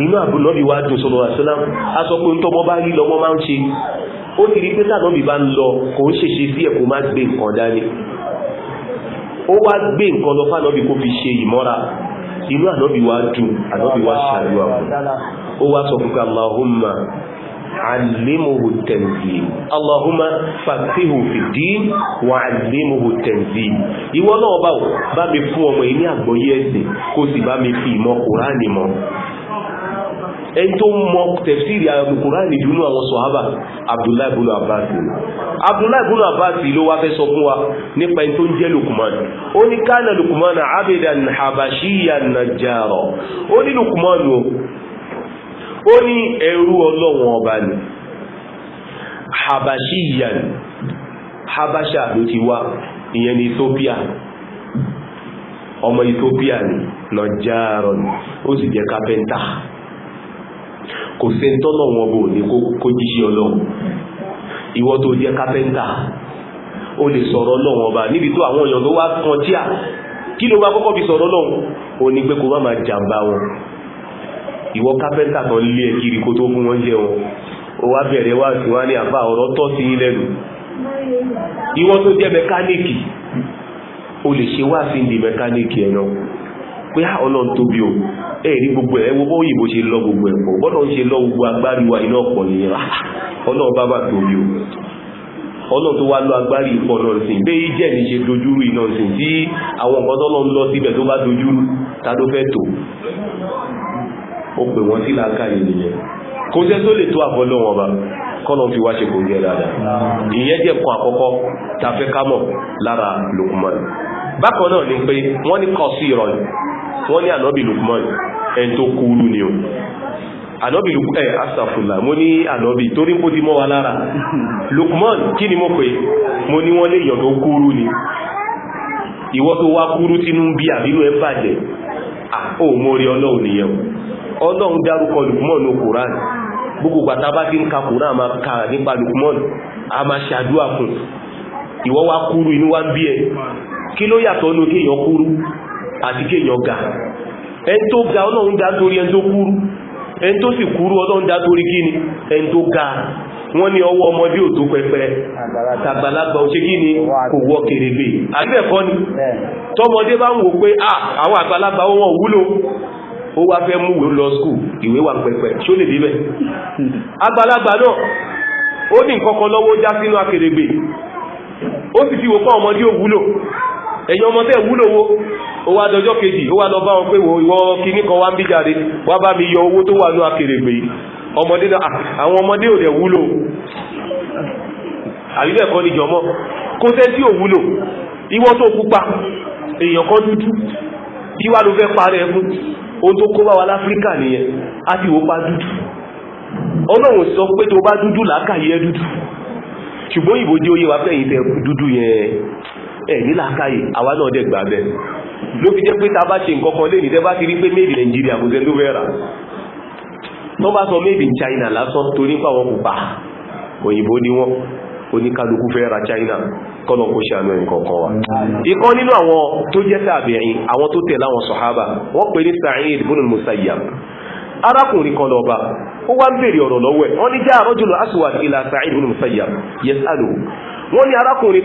S1: inú àbúnọ́bì wá dùn sọ̀rọ̀ àṣọ́lá a sọ pé ń tọ́mọ bá rí lọ́mọ máa ń ṣe ó ti rí pé tànọ́bì bá ń lọ kò ń ṣèṣe sí ẹ̀kọ́ má gbé nǹkan dání ó wá gbé nǹkan lọ fánọ́bì kó fi ṣe ìmọ́ra inú ànábì wa dùn ànábì wa ṣàdúrà ó wá sọ fún Allahumma علمه التنزيل اللهم فقهه في الدين وعلمه التنزيل ìwọ náà bá mi fún ọmọ yìí ní ẹ̀sìn kó sì bá mi fi ìmọ̀ Kùránì mọ́ ẹni tó mọ tẹ̀fsìrì Al-Kùránì ìdúnú àwọn sọ̀hábà Abdullahi ibn Abbas Abdullahi ibn Abbas ló wá fẹ́ sọ fún wa nípa ẹni tó ń jẹ́ Luqman ó ní kánà Luqman abidan habashiyan najjara ó ní Luqman ó ní ẹrú ọlọ́wọ̀n ọba ni habashiyan habasha ló ti wá ìyẹn ni Ethiopia ọmọ Ethiopia ni najjara ó sì jẹ́ kápẹ́ntà kò sẹ́ tọ́nà wọn bò ní kó jíṣẹ́ ọlọ́run ìwọ tó jẹ́ kápẹ́ntà ó lè sọ̀rọ̀ wọn bá níbi tó àwọn èèyàn tó wá kan tíà kí ló bá kọ́kọ́ fi sọ̀rọ̀ náà ó ní pé kò bá máa jàǹbá wọn ìwọ kápẹ́ntà tán lé ẹ kiri kó tó fún wọn jẹ wọn ó wá bẹ̀rẹ̀ wá sí wá ní àbá ọ̀rọ̀ tọ́ sí yín lẹ́nu ìwọ tó jẹ́ mẹkáníìkì ó lè ṣe wá sí ìdí mẹkáníìkì ẹ̀ náà pé á ah, ọlọ́run tóbi o ẹ̀rí gbogbo ẹ̀ wo bóyìí bó ṣe lọ gbogbo ẹ̀ pọ̀ bọ́dọ̀ ń ṣe lọ gbogbo agbáríwa iná ọ̀pọ̀ nìyẹn ah,
S3: ah, ọlọ́run bá
S1: o ọlọ́run tó wá lọ agbárí ìpọ̀ náà sí bẹ́ẹ̀ jẹ́ ní ṣe dojúrú iná sí tí àwọn nǹkan tọ́lọ́ ń lọ síbẹ̀ tó bá dojúrú ta ló fẹ́ tó ó pè wọ́n sí làákàyè nìyẹn kò sẹ́ tó lè tó àfọlọ́wọ́n bá kọ́nà fi wá ṣe kò jẹ́ dáadáa ìyẹn àkọ́kọ́ ta lára Lukman bákan náà ni pé wọ́n ní kọ sí ìrọ̀ wọ́n ní ànábì Lukman ẹni tó kúrú ni o ànábì ẹ̀ asàfùlà mo ní ànábì torí kó ti mọ́ wa lára Lukman kí ni mo pè mo ní wọ́n lè yàn tó kúrú ni ìwọ tó wá kúrú tínú bí àbínú ẹ bàjẹ́ ó mórí ọlọ́run nìyẹn ọlọ́run dárúkọ Lukman ní Kùránì gbogbo gbàtà bá ti ń ka Kùránì máa ka nípa Lukman a máa ṣàdúrà fún ìwọ kí ló yàtọ̀ nú kéèyàn kúrú àti kéèyàn ga ẹni tó ga ọlọ́run dá torí ẹni tó kúrú ẹni tó sì kúrú ọlọ́run dá torí kíni ẹni tó ga wọ́n ní ọwọ́ ọmọdé ò tó pẹpẹ tàgbàlagbà òṣè kí ni kò wọ́ kèrègbè àgbẹ̀kọ́ ni tọ́mọdé bá ń wò pé ah, àwọn àgbàlagbà wọn wúlò ó wá fẹ́ mú lọ skú ìwé wà pẹpẹ ṣó lè débẹ̀ àgbàlagbà náà ó ní nǹkan kan lọ́wọ́ já sínú akèrègbè ó sì fi wò pọ́ ọmọdé ò wúlò ẹ̀yin ọmọ tẹ́ wúlò wo ó wá dọjọ́ kejì ó wá lọ bá wọn pé wo ìwọ kíní kan wá ń bí jáde wá bá mi yọ owó tó wà ní akèrègbè ọmọdé náà ah, àwọn ọmọdé ò dẹ̀ wúlò àríbẹ̀ kọ́ ní jọmọ́ kó tẹ́ tí ò wúlò ìwọ tó pupa èèyàn kan dúdú ìwà ló fẹ́ parẹ́ ẹkún ohun tó kó bá wa láfíríkà nìyẹn á ti wò pa dúdú ọlọ́run sọ pé tó bá dúdú làákàyè dúdú ṣùgbọ́n ìbòjì oyè wa fẹ́yìn dúdú yẹn ẹ̀ nílàákàyè àwa náà na gbà bẹ́ẹ̀ ló fi jẹ́ pé ta bá ṣe nǹkan kan lé bá ti rí pé Nigeria kò sẹ́ni tó fẹ́ bá sọ China lásán torí kò bá òyìnbó ni wọ́n oníkálukú fẹ́ ra China kọ́nà kó ṣe àmì wa ikọ́ nínú àwọn tó jẹ́ tàbí'in àwọn tó àwọn sọ̀hábà wọ́n pè ní arákùnrin kan lọ́ba ó wá ń ọ̀rọ̀ lọ́wọ́ ẹ̀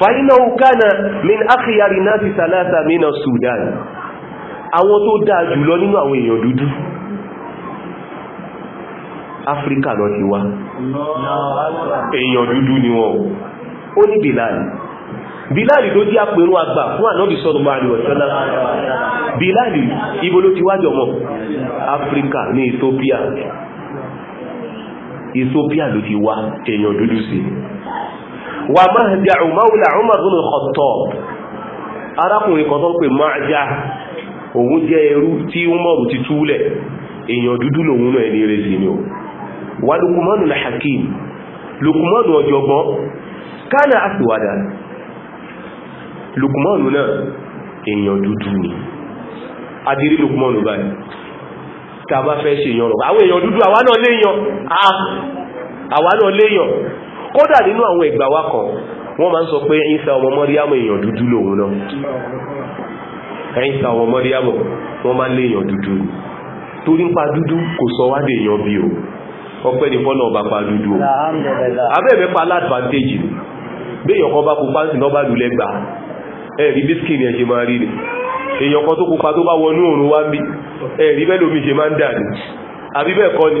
S1: fàínàwó kánà min ákìyàrí náà ti sàlátà mínà Sudan àwọn tó dáa jùlọ nínú àwọn èèyàn dúdú Áfíríkà lọ ti wá èèyàn dúdú ni wọ́n ó ní Bilali Bilali ló jẹ́ àpẹrún àgbà fún ànábì sallallahu alaihi wasallam Bilali ibo ló ti wájọ mọ́ Áfíríkà ní Ethiopia Ethiopia ló ti wá wà Mahja maula Umar bin Khattab arákùnrin kan tó ń pè Mahja òun jẹ́ ẹrú tí Umar ti túlẹ̀ èèyàn dúdú lòun náà ní rẹ̀ sí ni ó wà Lukumanu al-Hakim Lukumanu ọ̀jọ̀gbọ́n kánà aswada Lukumanu náà èèyàn dúdú ni adìrí Lukumanu báyìí tàbá fẹ́ ṣe èèyàn àwọn èèyàn dúdú àwa léèyàn ah! kódà nínú àwọn ẹgbà wa kan wọ́n máa ń sọ pé Ìsá ọmọ Mọ́ríámù èèyàn dúdú lòun náà Ìsá ọmọ Mọ́ríámù wọ́n máa ń lé èèyàn dúdú torí ń pa dúdú kò sọ wádé èèyàn bí o ọpẹ́ ni fọ́nà ọba pa dúdú o abẹ́ẹ̀mẹ́ pa aládvantage béèyàn kan bá pupa sí náà bá lulẹ̀ gbà ẹ̀rí bískì ni ẹ ṣe máa rí ni èèyàn kan tó pupa tó bá wọnú òrùn wá bí ẹ̀rí bẹ́ẹ̀ lómi ṣe máa ń dà ní àbí bẹ́ẹ̀ kọ́ ni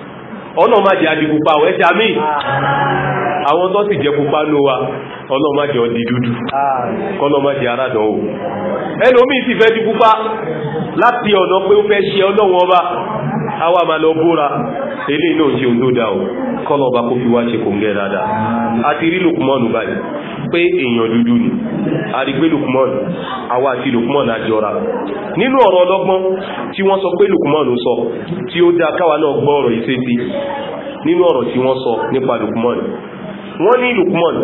S1: ọlọ́run má jẹ́ adìpupa ọ̀ ẹ́ṣẹ́ àmì àwọn tó sì pupa ló wa ọlọ́run má jẹ́ ọdí dúdú kọ́lọ́run má aládọ̀ fẹ́ di pupa láti ọ̀nà pé ó fẹ́ ṣe ọlọ́run ọba àwa máa lọ búra ilé iná ṣe òun tó dá o kọ́lọ̀ ọba kó fi wá ṣe kò ń gẹ́ dáadáa àti rí lukumọ́nù báyìí pé èèyàn ni a rí pé lukumọ́nù àwa àti lukumọ́nù àjọra nínú ọ̀rọ̀ ọlọ́gbọ́n tí wọ́n sọ pé lukumọ́nù sọ tí ó dá káwa náà gbọ́ ọ̀rọ̀ ìṣesí nínú ọ̀rọ̀ tí wọ́n sọ nípa lukumọ́nù wọ́n ní lukumọ́nù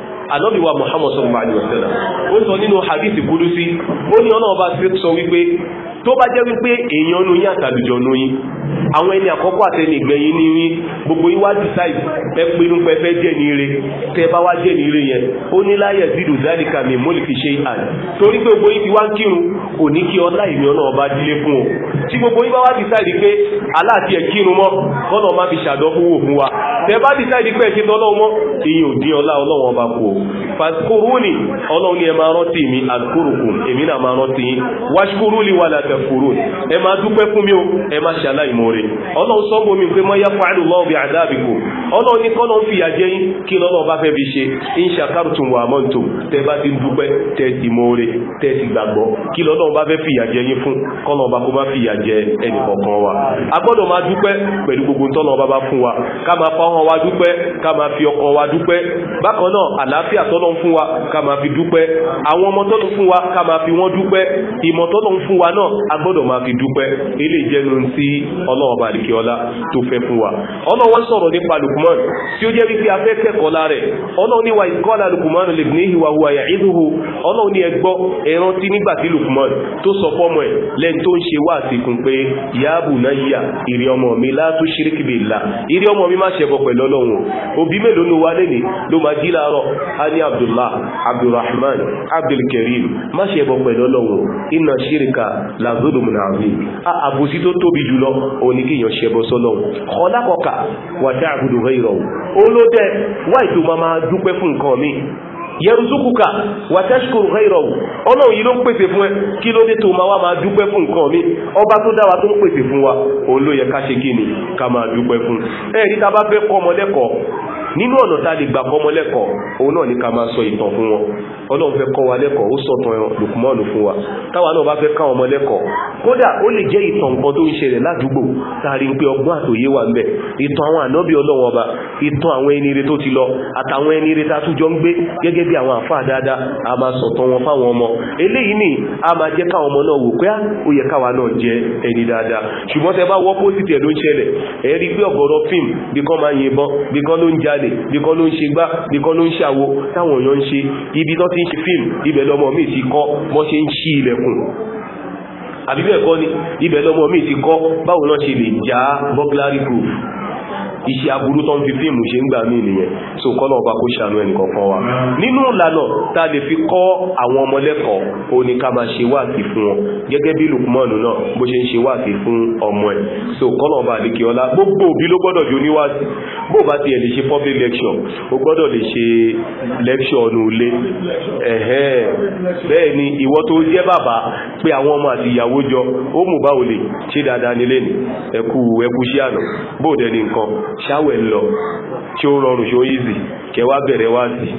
S1: ànábì wa Muhammad sallallahu alaihi wasallam ó sọ nínú hadith kudusi ó ní ọlọ́run bá sọ wípé tó bá jẹ́ wípé èèyàn nu yín àtàlùjọ nu yín àwọn ẹni àkọ́kọ́ àtẹni ìgbẹ̀yìn ní yín gbogbo yín wá decide ẹ pinnu pé fẹ́ jẹ́ ní ire tẹ́ bá wá jẹ́ ní ire yẹn ó ní láyẹ̀ zidu zalika mi mólìkì ṣe àn torí pé gbogbo yín ti wá ń kírun kò ní kí ọlá ìmì ọ̀nà ọba dílé fún o tí gbogbo yín bá wá decide pé aláàtì ẹ̀ kírun mọ́ kọ́nà má fi ṣàdọ́ fún wò fún wa tẹ́bá dìsáìdì pẹ́ ṣe tọ́lọ́wọ́ mọ́ iye ò dín ọlá ọlọ́wọ́ ọba kú o fàkúrúnì ọlọ́run ni ẹ máa rántí mi àkúrùkùn èmi náà máa rántí yín wáṣkúrúnì wà látẹ̀ fúrún ẹ máa dúpẹ́ fún mi o ẹ máa ṣe aláìmoore ọlọ́run sọ bómi pé mọ́ yápa àdùn lọ́wọ́ bí àdáàbìkù ọlọ́run ní kọ́nà ń fìyà jẹ́ yín kí lọ́lọ́ bá fẹ́ fi ṣe ń wa a gbọ́dọ̀ máa dúpẹ́ pẹ̀lú gbogbo tọ́nà ọba ọkàn wa dúpẹ́ ká máa fi ọkàn wa dúpẹ́ bákan náà àlàáfíà tọ́lọ́ ń fún wa ká máa fi dúpẹ́ àwọn ọmọ tọ́lọ́ fún wa ká máa fi wọ́n dúpẹ́ ìmọ̀ tọ́lọ́ ń fún wa náà a gbọ́dọ̀ máa fi dúpẹ́ ilé ìjẹnu tí ọlọ́wọ́ bá dìkẹ́ ọlá tó fẹ́ fún wa ọlọ́wọ́ sọ̀rọ̀ nípa Lukman tí ó jẹ́ wípé afẹ́ kẹ́kọ̀ọ́ lára ẹ̀ ọlọ́wọ́ ní wa ìkọ́lá Lukman lè ní ìwà wa yà ìdúhù ọlọ́wọ́ ẹgbọ́ ẹran tí nígbà tí Lukman tó sọ fọ́mọ ẹ̀ lẹ́n tó ń ṣe wá àsìkùn pé yáàbù náà yà ìrì ọmọ mi látó ṣíríkì bèèlà ìrì ọmọ mi má ṣẹ̀bọ̀ pẹ̀lú ọlọ́run òbí mélòó ló wá lẹ́ni ló máa jí láàárọ̀ a ní abdullah abdulrahman abdulkarim má ṣe ẹbọ pẹ̀lú ọlọ́run iná ṣíríkà lazulumun azim àbòsí tó tóbi jùlọ òní kí sọ́lọ́run yẹrùsùkùkà wàtẹ́ṣkùrù ghayrahu ọlọ́run yìí ló ń pèsè fún ẹ kí ló dé tó ma wá máa dúpẹ́ fún nǹkan mi ọba tó dá wa tó ń pèsè fún wa òun ká ṣe kí ni ká máa dúpẹ́ fún ẹ̀rí ta bá fẹ́ kọ́ ọmọlẹ́kọ̀ọ́ nínú ọ̀nà tá a lè gbà kọ́mọ lẹ́kọ̀ọ́ òun náà ní ká máa sọ ìtàn fún wọn ọlọ́run fẹ́ kọ́ wa lẹ́kọ̀ọ́ ó sọ̀tàn lùkùmọ́ọ̀nù fún wa táwa náà bá fẹ́ ká ọmọ lẹ́kọ̀ọ́ kódà ó lè jẹ́ ìtàn nǹkan tó ń ṣẹlẹ̀ ládùúgbò tààrí pé ọgbọ́n àtòyé wà ń bẹ ìtàn àwọn ànábì ọlọ́run ọba ìtàn àwọn ẹni rere tó ti lọ àtàwọn ẹni rere tá jọ ń gbé gẹ́gẹ́ bí àwọn àfáà dáadáa a máa sọ̀tàn wọn fáwọn ọmọ eléyìí ni a máa jẹ́ káwọn ọmọ náà wò pé ah, ó yẹ káwa náà jẹ ẹni dáadáa ṣùgbọ́n tẹ bá wọ́pọ̀ sí tẹ̀ ló ń ṣẹlẹ̀ ẹ̀rí pé ọ̀gọ̀rọ̀ fíìmù bí kan máa yìnbọn bí kan ló ń jalè jalè nìkan ló ń ṣe gbá nìkan ló ń ṣàwo táwọn èèyàn ń ṣe ibi tó ti ń ṣe fíìmù ibẹ̀ lọmọ mi ti kọ́ bọ́ ṣe ń ṣí ilẹ̀kùn àbíbẹ̀ kọ́ ni ibẹ̀ lọmọ mi ti kọ́ báwo náà ṣe lè já burglary proof iṣẹ́ aburú tó ń fi fíìmù ṣe ń gbà mí nìyẹn so kọ́lọ̀ ọba kó ṣàánú ẹnìkan kan wa nínú ìlànà tá lè fi kọ́ àwọn ọmọ lẹ́kọ̀ọ́ ó ní ká máa ṣe wáàsí fún wọn gẹ́gẹ́ bí Lukmanu náà bó ṣe ń ṣe wáàsí fún ọmọ ẹ̀ so kọ́lọ̀ ọba àdíkì ọlá gbogbo òbí ló gbọ́dọ̀ jù níwáàsí bó bá ti ẹ̀ lè ṣe public lecture ó gbọ́dọ̀ lè ṣe lecture ọ̀nà ulé ẹ̀hẹ́n bẹ́ẹ̀ ni ìwọ tó jẹ́ bàbá pé àwọn ọmọ àti ìyàwó jọ ó mú bá ò ṣe dáadáa nílé ni ẹkú ẹkú sí àná bóòdẹ̀ ní nǹkan ṣáwẹ̀ ń lọ tí ó rọrùn ṣó easy kẹwàá bẹ̀rẹ̀ wáàsí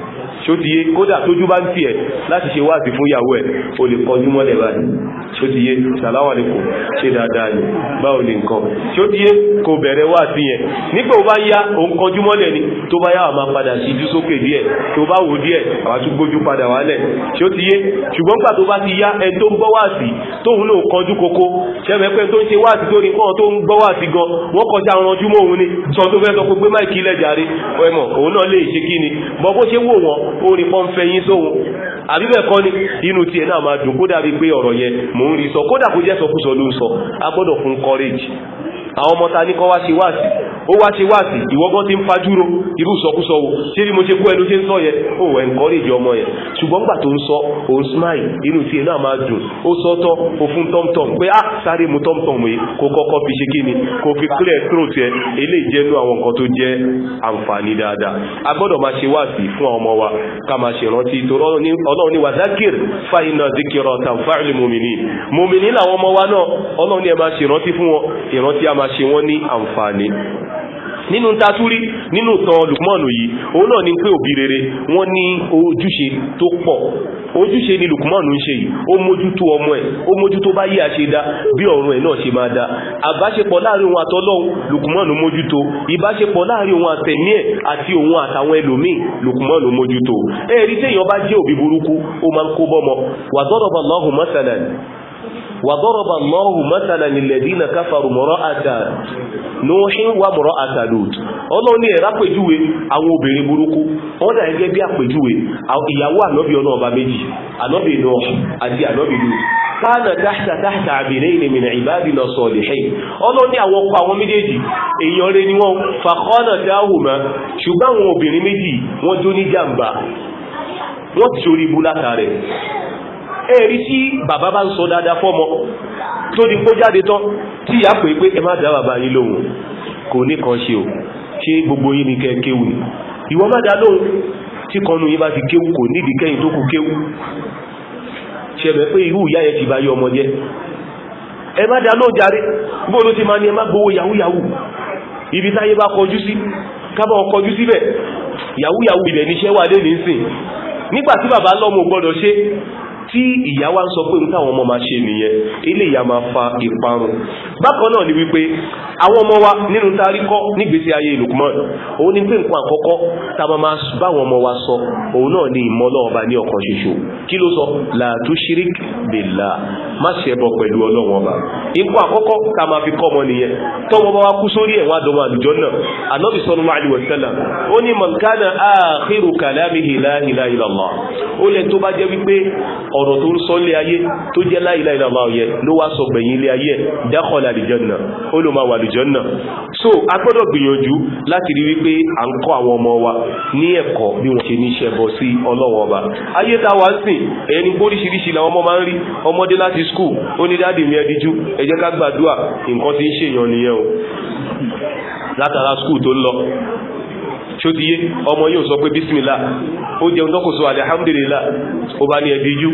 S1: ṣó ti yé kódà tójú bá ń tì ẹ̀ láti ṣe wáàsí fún ìyàwó ẹ̀ o lè kọjú mọ́lẹ̀ báyìí ṣó ti yé sàláwà lè ṣe dáadáa ni báwo ni nǹkan ṣó ti yé kò bẹ̀rẹ̀ wáàsí yẹn ni tó bá yá àmà padà sí ojú sókè díẹ̀ tó bá wò díẹ̀ àwọn tún gbójú padà wálẹ̀ ṣó ti yé ṣùgbọ́n gbà tó bá ti koko ṣẹ́mẹ́pẹ́ tó ń ṣe wáàsí tó ní kọ́ tó ń gbọ́ wáàsí gan kan tó fẹ́ sọ pé gbé máìkì ilẹ̀ jàre ọmọ òun náà lè ṣe kí ni bọ́ bó ṣe wò wọ́n ó ní pọ́n fẹ́ yín sóhun àbíbẹ̀ kọ́ ni inú tiẹ̀ náà máa dùn kódà rí pé ọ̀rọ̀ yẹn mò ń rí sọ kódà kó jẹ́ sọkúsọ ló ń sọ agbọ́dọ̀ fún courage àwọn ọmọ ta ní kọ́ wá ṣe wáàsí ó wá ṣe wáàsí ìwọ́gán tí ń fajúro irú sọkúsọ wo ṣe rí mo ṣe kú ẹnu ṣe ń sọ yẹn ó wẹ̀ ń kọ́rèjì ọmọ yẹn ṣùgbọ́n gbà tó ń sọ òun smile inú tí ẹ náà máa dùn ó sọ tọ́ ó fún tọ́mtọ́m pé á ah, sáré mu tọ́mtọ́m yìí kó kọ́kọ́ fi ṣe kíni kó fi clear throat ẹ eléyìí jẹ́ inú àwọn nǹkan tó jẹ́ àǹfààní dáadáa a gbọ́dọ̀ máa ṣe wáàsí fún ọmọ wa ká máa ṣe rántí torí ọlọ́run ní wàdákìr fáyínà zikirọ̀ tàǹfààlì mòmìnì mòmìnì làwọn ọmọ wa náà ọlọ́run ní ẹ máa ṣe rántí fún wọn ìrántí a m máa ṣe wọ́n ní àǹfààní nínú tatúrí nínú tan lùkmọ́nù yìí òun náà ni pé òbí rere wọ́n ní ojúṣe tó pọ̀ ojúṣe ni lùkmọ́nù ń ṣe yìí ó mójútó ọmọ ẹ̀ ó mójútó bá yí àṣedá bí ọ̀run ẹ̀ náà ṣe máa dá àbáṣepọ̀ láàrin òun àtọlọ́hun lùkmọ́nù mójútó ìbáṣepọ̀ láàrin òun àtẹ̀mí ẹ̀ àti òun àtàwọn ẹlòmíì lùkmọ́nù mójútó ẹ̀rí téèyàn bá jẹ́ òbí burúkú ó máa ń kó bọ́mọ wàdọ́rọ̀bọ̀ lọ́hùn mọ́sálẹ̀ وضرب الله مثلا الذين كفروا امرأة نوح وامرأة لوط ọlọ́run ní ẹ̀rá pèjúwe àwọn obìnrin burúkú wọ́n dà gẹ́gẹ́ bí àpèjúwe ìyàwó ànọ́bì ọ̀nà ọba méjì ànọ́bì náà àti ànọ́bì lù kánà dáṣà dáṣà àbìnrin ní mìíràn ìbáàdì lọ sọ lèṣẹ́ ẹ̀rí tí bàbá bá ń sọ dáadáa fọ́mọ tó di kó jáde tán tí ìyá pè pé ẹ má dá bàbá yín lóhùn kò ní kan ṣe o ṣe gbogbo yín ni kẹ́ kéwù ìwọ má dá lóhùn tí kọnu yín bá ti kéwù kò nídìí kẹ́yìn tó kù kéwù ṣẹbẹ̀ pé irú ìyá yẹn ti bá yí ọmọ jẹ́ ẹ má dá lóhùn járe gbóòlù ti máa ní ẹ má gbowó yàwúyàwú ibi táyé bá kọjú sí kábọ̀ kọjú síbẹ̀ yàwúyàwú ibẹ̀ níṣẹ́ wà lé nísìn nígbà tí bàbá lọ́mọ gbọ́dọ̀ ṣe tí ìyá wa ń sọ pé nǹkan àwọn ọmọ máa ṣe nìyẹn ilé ìyá máa fa ìparun bákan náà ni wípé àwọn ọmọ wa nínú tarí kọ́ nígbésí ayé Lukman òun ni pé nǹkan àkọ́kọ́ tá a máa báwọn ọmọ wa sọ òun náà ni ìmọ̀ ọlọ́ọ̀ba ní ọ̀kan ṣoṣo kí ló sọ la tushrik billah má ṣẹbọ pẹ̀lú ọlọ́wọ́n ọba nǹkan àkọ́kọ́ tá a máa fi kọ́ ọmọ nìyẹn tọ́mọ bá wa kú sórí ẹ̀wọ̀n àdọ́mọ àlùjọ náà ànábì sallallahu alaihi wasallam ó ní man ọ̀rọ̀ tó ń sọ lé ayé tó jẹ́ la ilaha illallah yẹ ló wá sọ gbẹ̀yìn ilé ayé dákọ̀lá àlìjọ́nà ó ló máa wà àlìjọ́nà so a gbọ́dọ̀ gbìyànjú láti rí wípé à ń kọ́ àwọn ọmọ wa ní ẹ̀kọ́ bí wọ́n ṣe ní iṣẹ́ bọ̀ sí ọlọ́wọ́n ọba ayé tá wa ṣótiyé ọmọ yóò sọ pé bísmìlá ó jẹun tọ́kùsọ alhamdulillah ó bá ní ẹ̀díjú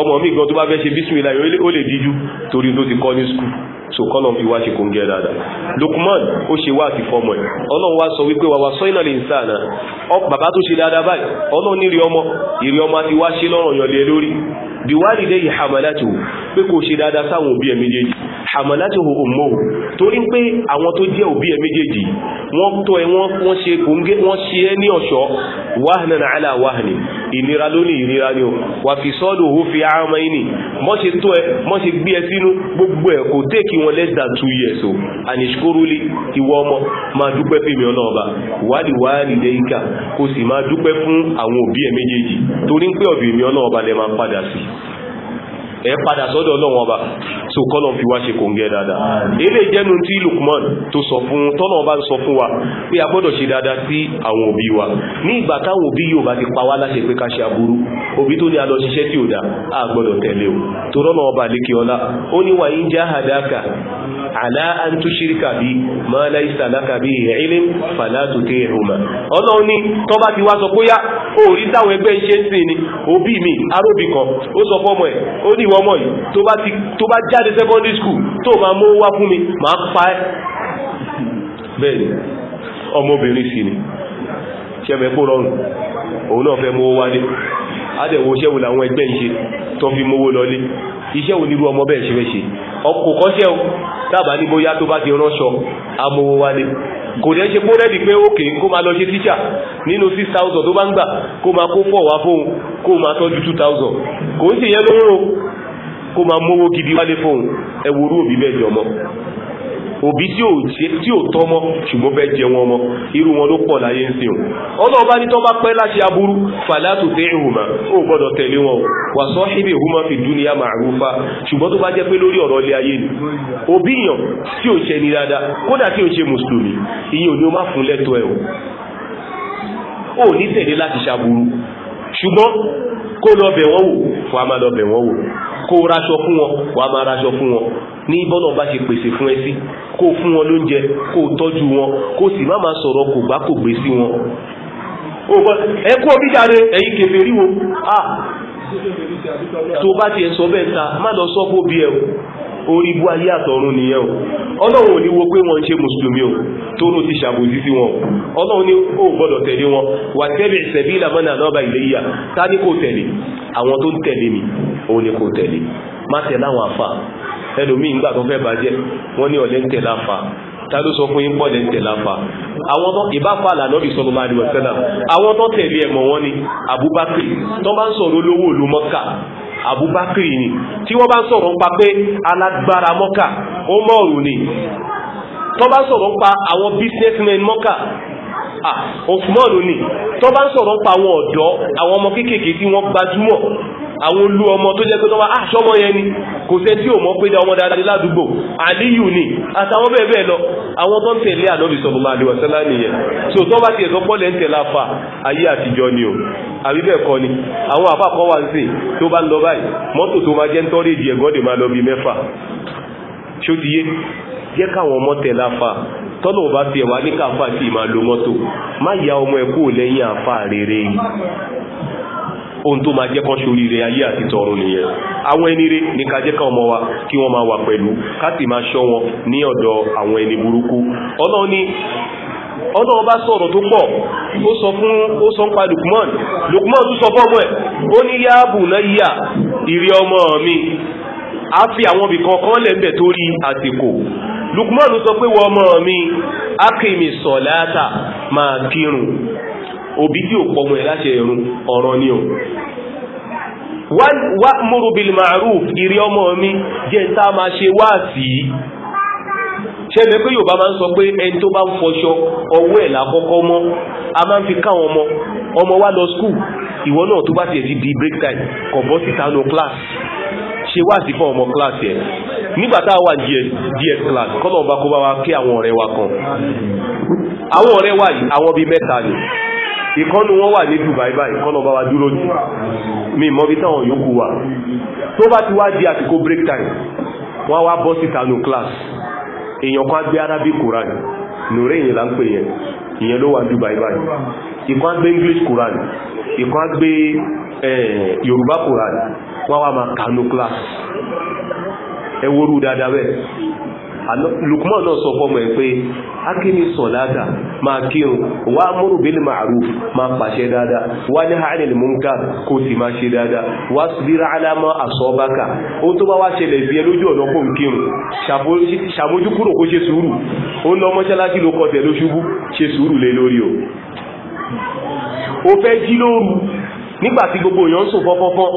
S1: ọmọ mi gan tó bá fẹ́ ṣe bísmìlá ó lè díjú torí tó ti kọ́ ní skú so kọ́lọ̀ fi wá ṣe kò ń gẹ́ dáadáa Lukman ó ṣe wá àti fọmọ ẹ̀ ọlọ́run wá sọ wípé wàwà sọ lè ń sáà náà bàbá tó ṣe dáadáa báyìí ọlọ́run ní rí ọmọ ìrí ọmọ àti wá ṣe lọ́rọ̀ yọ̀lẹ́ lórí biwalide yìí hamalatu pé kò ṣe dáadáa sáwọn òbí ẹ̀ méjèèjì hamalatu ummuhu torí pe àwọn tó jẹ́ òbí ẹ̀ méjèèjì wọ́n tọ́ ẹ wọ́n ṣe kòńgé wọ́n ṣe ẹ́ ní ọ̀ṣọ́ wahnan ala wahni ìnira lónìí ìnira ni ó wà fi sọ́dọ̀ fi àmàìní mọ́ ṣe tó ẹ mọ́ ṣe gbé ẹ sínú gbogbo ẹ̀ kò tẹ́kì wọn less than two years o and ìṣkórólé ìwọ ọmọ máa dúpẹ́ fèmí ọlọ́ọ̀bá wádìí wáàrí dẹ́yíkà kò sì máa dúpẹ́ fún àwọn òbí ẹ̀ méjèèjì torí ń pé ọ̀bì mi ọlọ́ọ̀bá lẹ máa padà sí ẹ padà sọ́dọ̀ ọlọ́wọ́n ọba so kọ́lọ̀ fi wá ṣe kò ń gẹ́ dáadáa ilé jẹ́nu tí Lukman tó sọ fún tọ́lọ̀ bá sọ fún wa pé a gbọ́dọ̀ ṣe dáadáa sí àwọn òbí wa ní ìgbà táwọn òbí yóò bá ti pa wá láṣẹ pé ká ṣe aburú òbí tó ní a lọ ṣiṣẹ́ tí ò dá a gbọ́dọ̀ tẹ̀lé o tó rọ́nà ọba lékè ọlá ó ní wàyí ń já àdáka àlá an tushirika bí ma laysa laka bí ilm fala tuti'huma ọlọ́run ní tó bá ti wá sọ pé yá òórí táwọn ẹgbẹ́ iṣẹ́ sí ni òbí mi aróbì kan ó sọ fọ́mọ ẹ̀ ó ní ìwọ ọmọ yìí tó bá jáde secondary school tó bá mú wá fún mi máa pa ẹ́ bẹ́ẹ̀ni ọmọbìnrin sí ni ṣẹ́mẹ́ kó rọrùn òun náà fẹ́ mówó wálé adẹ̀wò ṣẹ́wò làwọn ẹgbẹ́ ń ṣe tó fi mówó lọlé iṣẹ́ onírú ọmọ bẹ́ẹ̀ ṣe fẹ́ ṣe ọkọ̀ kọ́ṣẹ́ o tàbà ní bóyá tó bá ti ránṣọ amówó wálé kò dẹ́ ṣe pọ́rẹ́dì pé ókè kó máa lọ ṣe tíṣà nínú 6000 tó bá ń gbà kó máa kó fọ̀ wá fóun kó máa tọ́jú 2000 kò ń ṣe yẹn lóró kó máa mówó gidi wálé fóun ẹwúrú òbí bẹ́ẹ̀ jọmọ òbí tí ò tọ́ mọ́ ṣùgbọ́n fẹ́ jẹ wọn mọ́ irú wọn ló pọ̀ láyé ń sìn ọlọ́ọ̀bá ní tọ́ bá pẹ́ láṣẹ aburú fàlátù tẹ́ ìhùmá ó gbọ́dọ̀ tẹ̀lé wọn wà sọ ṣíbí ìhùmá fi dúníyà màrúfà ṣùgbọ́n tó bá jẹ́ pé lórí ọ̀rọ̀ ilé ayé ni òbí yàn tí ò ṣe ní dáadáa kódà tí ò ṣe mùsùlùmí ìyẹn ò ó má fún lẹ́tọ̀ọ́ ẹ̀ o ò ní tẹ̀lé láti ṣaburú ṣùgbọ́n kó lọ bẹ̀ wọ́n wò wà máa lọ bẹ̀ wọ́n wò kó raṣọ fún wọn wà máa raṣọ fún wọn ní bọ́nà bá ṣe pèsè fún ẹsí kó fún wọn lóúnjẹ kó tọ́jú wọn kó sì má máa sọ̀rọ̀ kò gbá kò gbé sí wọn ẹkú omi jáde ẹ̀yìn kèfè ríwo
S3: ah. tó bá ti
S1: ẹ̀ sọ bẹ́ẹ̀ ta má lọ sọ fóbi ẹ̀ orí bú ayé àtọ̀run nìyẹn ọlọ́run ò ní wo pé wọ́n ń ṣe mùsùlùmí o tóró ti ṣàbòsí sí wọn ọlọ́run ní ó gbọ́dọ̀ tẹ̀lé wọn wà tẹ́bẹ̀ ìṣẹ̀bí ìlàmọ́nà lọ́ba ìléyà ta ní kò tẹ̀lé àwọn tó ń tẹ̀lé mi òun ni kò tẹ̀lé má tẹ̀lé àwọn àfà ẹlòmíì ńgbà tó fẹ́ bàjẹ́ wọ́n ní ọ̀lẹ́ ń tẹ̀lé àfà ta ló sọ fún yín pọ̀lẹ̀ tẹ̀lá fa àwọn tó ìbáfà lànàbì sallallahu alaihi wasallam àwọn tó tẹ̀lé ẹ̀mọ̀ wọn ni Abubakar tó bá ń sọ̀rọ̀ olówó olùmọ́ká Abubakiri ni tí wọ́n bá sọ̀rọ̀ pa pé alágbára mọ́kà ó mọ̀rù ni tó bá sọ̀rọ̀ pa àwọn businessmen mọ́kà Osmanu ni tó bá ń sọ̀rọ̀ pa àwọn ọ̀dọ́ àwọn ọmọ kéékèèké tí wọ́n gbajúmọ̀ àwọn olú ọmọ tó jẹ́ pé tọ́wọ́ àṣọ́mọ ah, yẹn ni kò sẹ́ tí ò mọ̀ pé dá ọmọ dáadáa ládùúgbò àlíyù ni àtàwọn bẹ́ẹ̀ bẹ́ẹ̀ lọ àwọn tó ń tẹ̀lé ànábì sallallahu alaihi wasallam nìyẹn so tó bá ti ẹ̀sọ́ pọ́lẹ̀ ń tẹ̀lá fa ayé àtijọ́ ni o àbí bẹ́ẹ̀ kọ́ ni àwọn àbá kan wà ń sìn tó bá ń lọ báyìí mọ́tò tó máa jẹ́ ń tọ́rẹ́jì ẹ̀gọ́dẹ̀ máa lọ bí mẹ́fà ṣó ti yé jẹ́ káwọn ọmọ tẹ̀lé àfà tọ́lọ̀ bá fi ẹ̀wà ní káfà tí ìmá lo mọ́tò má ya ọmọ ẹkú lẹ́yìn àfà rere ohun tó máa jẹ́ kán ṣorí rẹ̀ ayé àti tọ̀run nìyẹn àwọn ẹni rẹ̀ ní ká jẹ́ káwọn ọmọ wa kí wọ́n máa wà pẹ̀lú káti máa ṣọ́ wọn ní ọ̀dọ̀ àwọn ẹni burúkú ọlọ́run ni ọlọ́run bá sọ̀rọ̀ tó pọ̀ ó sọ fún ó sọ ń pa Lukman Lukman tún sọ fọ́mọ ẹ̀ ó ní yáàbù náà yíyà ìrí ọmọ mi a fi àwọn ibìkan kan lẹ́ńbẹ̀ torí àsìkò Lukman sọ pé wọ́n mọ́ mi akimi sọ̀láta máa kírun òbí tí ò pọ̀mù ẹ̀ láṣẹ ẹ̀rùn ọ̀rọ̀ ni ò wà múrù bil ma'ruf ìrí ọmọ mi jẹ́ tá máa ṣe wá sí ṣẹ́mẹ́ pé Yorùbá máa ń sọ pé ẹni tó bá ń fọṣọ ọwọ́ ẹ̀ lákọ́kọ́ mọ́ a máa ń fi káwọn ọmọ ọmọ wá lọ skúù ìwọ náà tó bá tiẹ̀ ti di break time kọ̀ bọ́ síta no class ṣe wá sí fún ọmọ kíláàsì ẹ̀ nígbà tá a wà ds class kọ́nà ọba kó bá wa kí àwọn ọ̀rẹ́ wa kan àwọn ọ̀rẹ́ wa yìí àwọn bíi mẹ́ta ni ìkọ́nù wọn wà ní Dubai báyìí kọ́nà ọba wa dúró ní mi mọ́ bí táwọn yòókù wà tó bá ti wá di àsìkò break time wọ́n wá bọ́ síta nù class èèyàn kan gbé Arabic Quran nùrẹ́ ìyẹn là ń pè yẹn ìyẹn ló wà ní Dubai báyìí ìkan gbé English Quran ìkan gbé eh, Yorùbá Quran wọ́n wá máa kànú class ẹwọ́rú dáadáa bẹ́ẹ̀ Lukman náà sọ fọ́mọ̀ ẹ̀ pé akíní sọ̀láta máa kírun wá múrù bil ma'ruf máa pàṣẹ dáadáa wá ní hàánìlì múnká kò sì máa ṣe dáadáa wá síbíra alámọ́ àsọ́bákà ó tó bá wá ṣẹlẹ̀ bí ẹ lójú ọ̀nà kò ń kírun ṣàmójúkúrò kó ṣe sùúrù ó lọ mọ́ṣáláṣí ló kọtẹ̀ lóṣubú ṣe sùúrù lé lórí o ó fẹ́ jí lóru nígbàtí gbogbo èèyàn ń sùn fọ́fọ́fọ́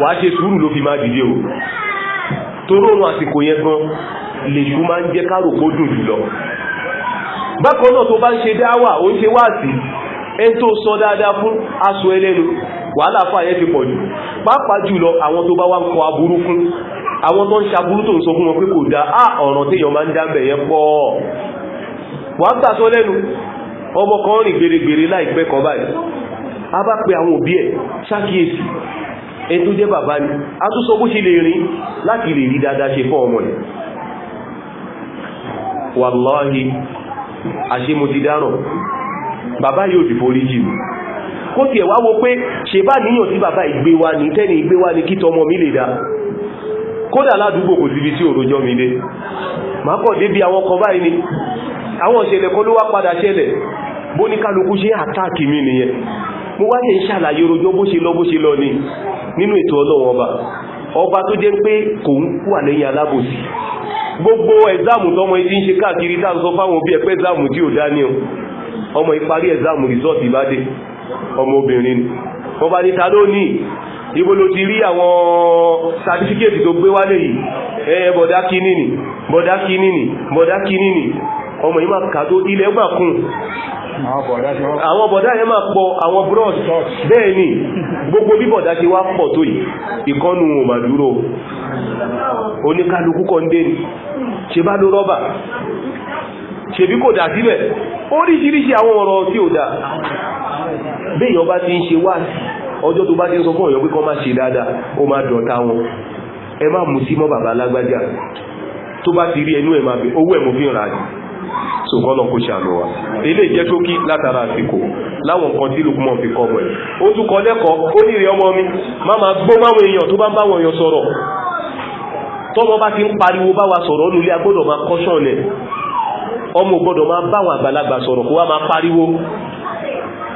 S1: wàá ṣe sùúrù ló fi máa dìde o toró òun àsìkò yẹn gan lèṣù máa ń jẹ́ kárò kó dùn jùlọ bákan náà tó bá ń ṣe dáwà ó ń ṣe wáàsí ẹni tó sọ dáadáa fún aṣọ ẹlẹ́nu wàhálà fún àyẹ́ ti pọ̀ jù pàápàá jùlọ àwọn tó bá wá ń kọ aburú fún àwọn tó ń ṣaburú tó ń sọ fún wọn pé kò dá á ọ̀ràn téèyàn máa ń dábẹ̀ yẹn pọ̀ wàá gbà sọ lẹ́nu ọmọ kan rìn gbèrègbèrè láìpẹ́ kan báyìí a bá pe àwọn òbí ẹ̀ ṣàkíyèsí ẹni jẹ́ bàbá ni a tún sọ bó ṣe lè rìn láti lè rí dáadáa ṣe fún ọmọ rẹ̀ wàláhì àṣẹ mo ti dáràn bàbá yóò ti forí jì mí kó tiẹ̀ wá wo pé ṣe bá níyàn tí bàbá ìgbé wa ní tẹ́ni ìgbé wa ní kí tọmọ mi lè dá kódà ládùúgbò kò síbi tí òròjọ́ mi dé ma kọ̀ débi àwọn kan báyìí ni àwọn ìṣẹ̀lẹ̀ kan ló wá padà ṣẹlẹ̀ bó ní kálukú ṣe àtàkì mi nìyẹn mo wá lè ṣàlàyé orojọ́ bó ṣe lọ bó ṣe lọ ni nínú ètò ọlọ́wọ́ ọba ọba tó jẹ́ pé kò ń kú àlẹ́yìn alábòsí gbogbo ẹ̀záàmù tọmọ ìdí ń ṣe káàkiri táàsọ fáwọn òbí ẹ̀pẹ́ ẹ̀záàmù tí ò dání o ọmọ ìparí ẹ̀záàmù rìsọ́ọ̀tì ìbádé ọmọ obìnrin wọ́n bá ní ta ló ní ibo ló ti rí àwọn sàtífíkẹ́tì tó gbé wálé yìí ẹ eh, bọ̀dá kínínì bọ̀dá kínínì bọ̀dá kínínì ọmọ yìí máa kàtó ilẹ̀ ọgbà kún àwọn bọ̀dá yẹn máa pọ̀ àwọn bros bẹ́ẹ̀ ni gbogbo bí bọ̀dá ti wá pọ̀ tó yìí ìkọ́nù wọn mà dúró oníkálukú kọ́ ń dé ni ṣe bá ló rọ́bà ṣe bí kò dà síbẹ̀ oríṣiríṣi àwọn ọ̀rọ̀ tí ò dá béèyàn bá ti ń ṣe wá ọjọ́ tó bá ti ń sọ fún ọ̀yọ́ pé kọ́ má ṣe dáadáa ó má sùkọ́nà kó ṣàánú wa ilé ìjẹ́ ṣókí látara àsìkò láwọn nǹkan tí Lukman fi kọ́ mọ̀ ẹ̀ ó tún kọ́ lẹ́kọ̀ọ́ ọmọ mi ma máa gbó máwọn èèyàn tó bá ń báwọn èèyàn sọ̀rọ̀ tọ́mọ bá ti ń pariwo bá wa sọ̀rọ̀ nulẹ̀ agbọ́dọ̀ máa kọ́ṣọ̀n nẹ̀ ọmọ ma máa báwọn àgbàlagbà sọ̀rọ̀ kó wá máa pariwo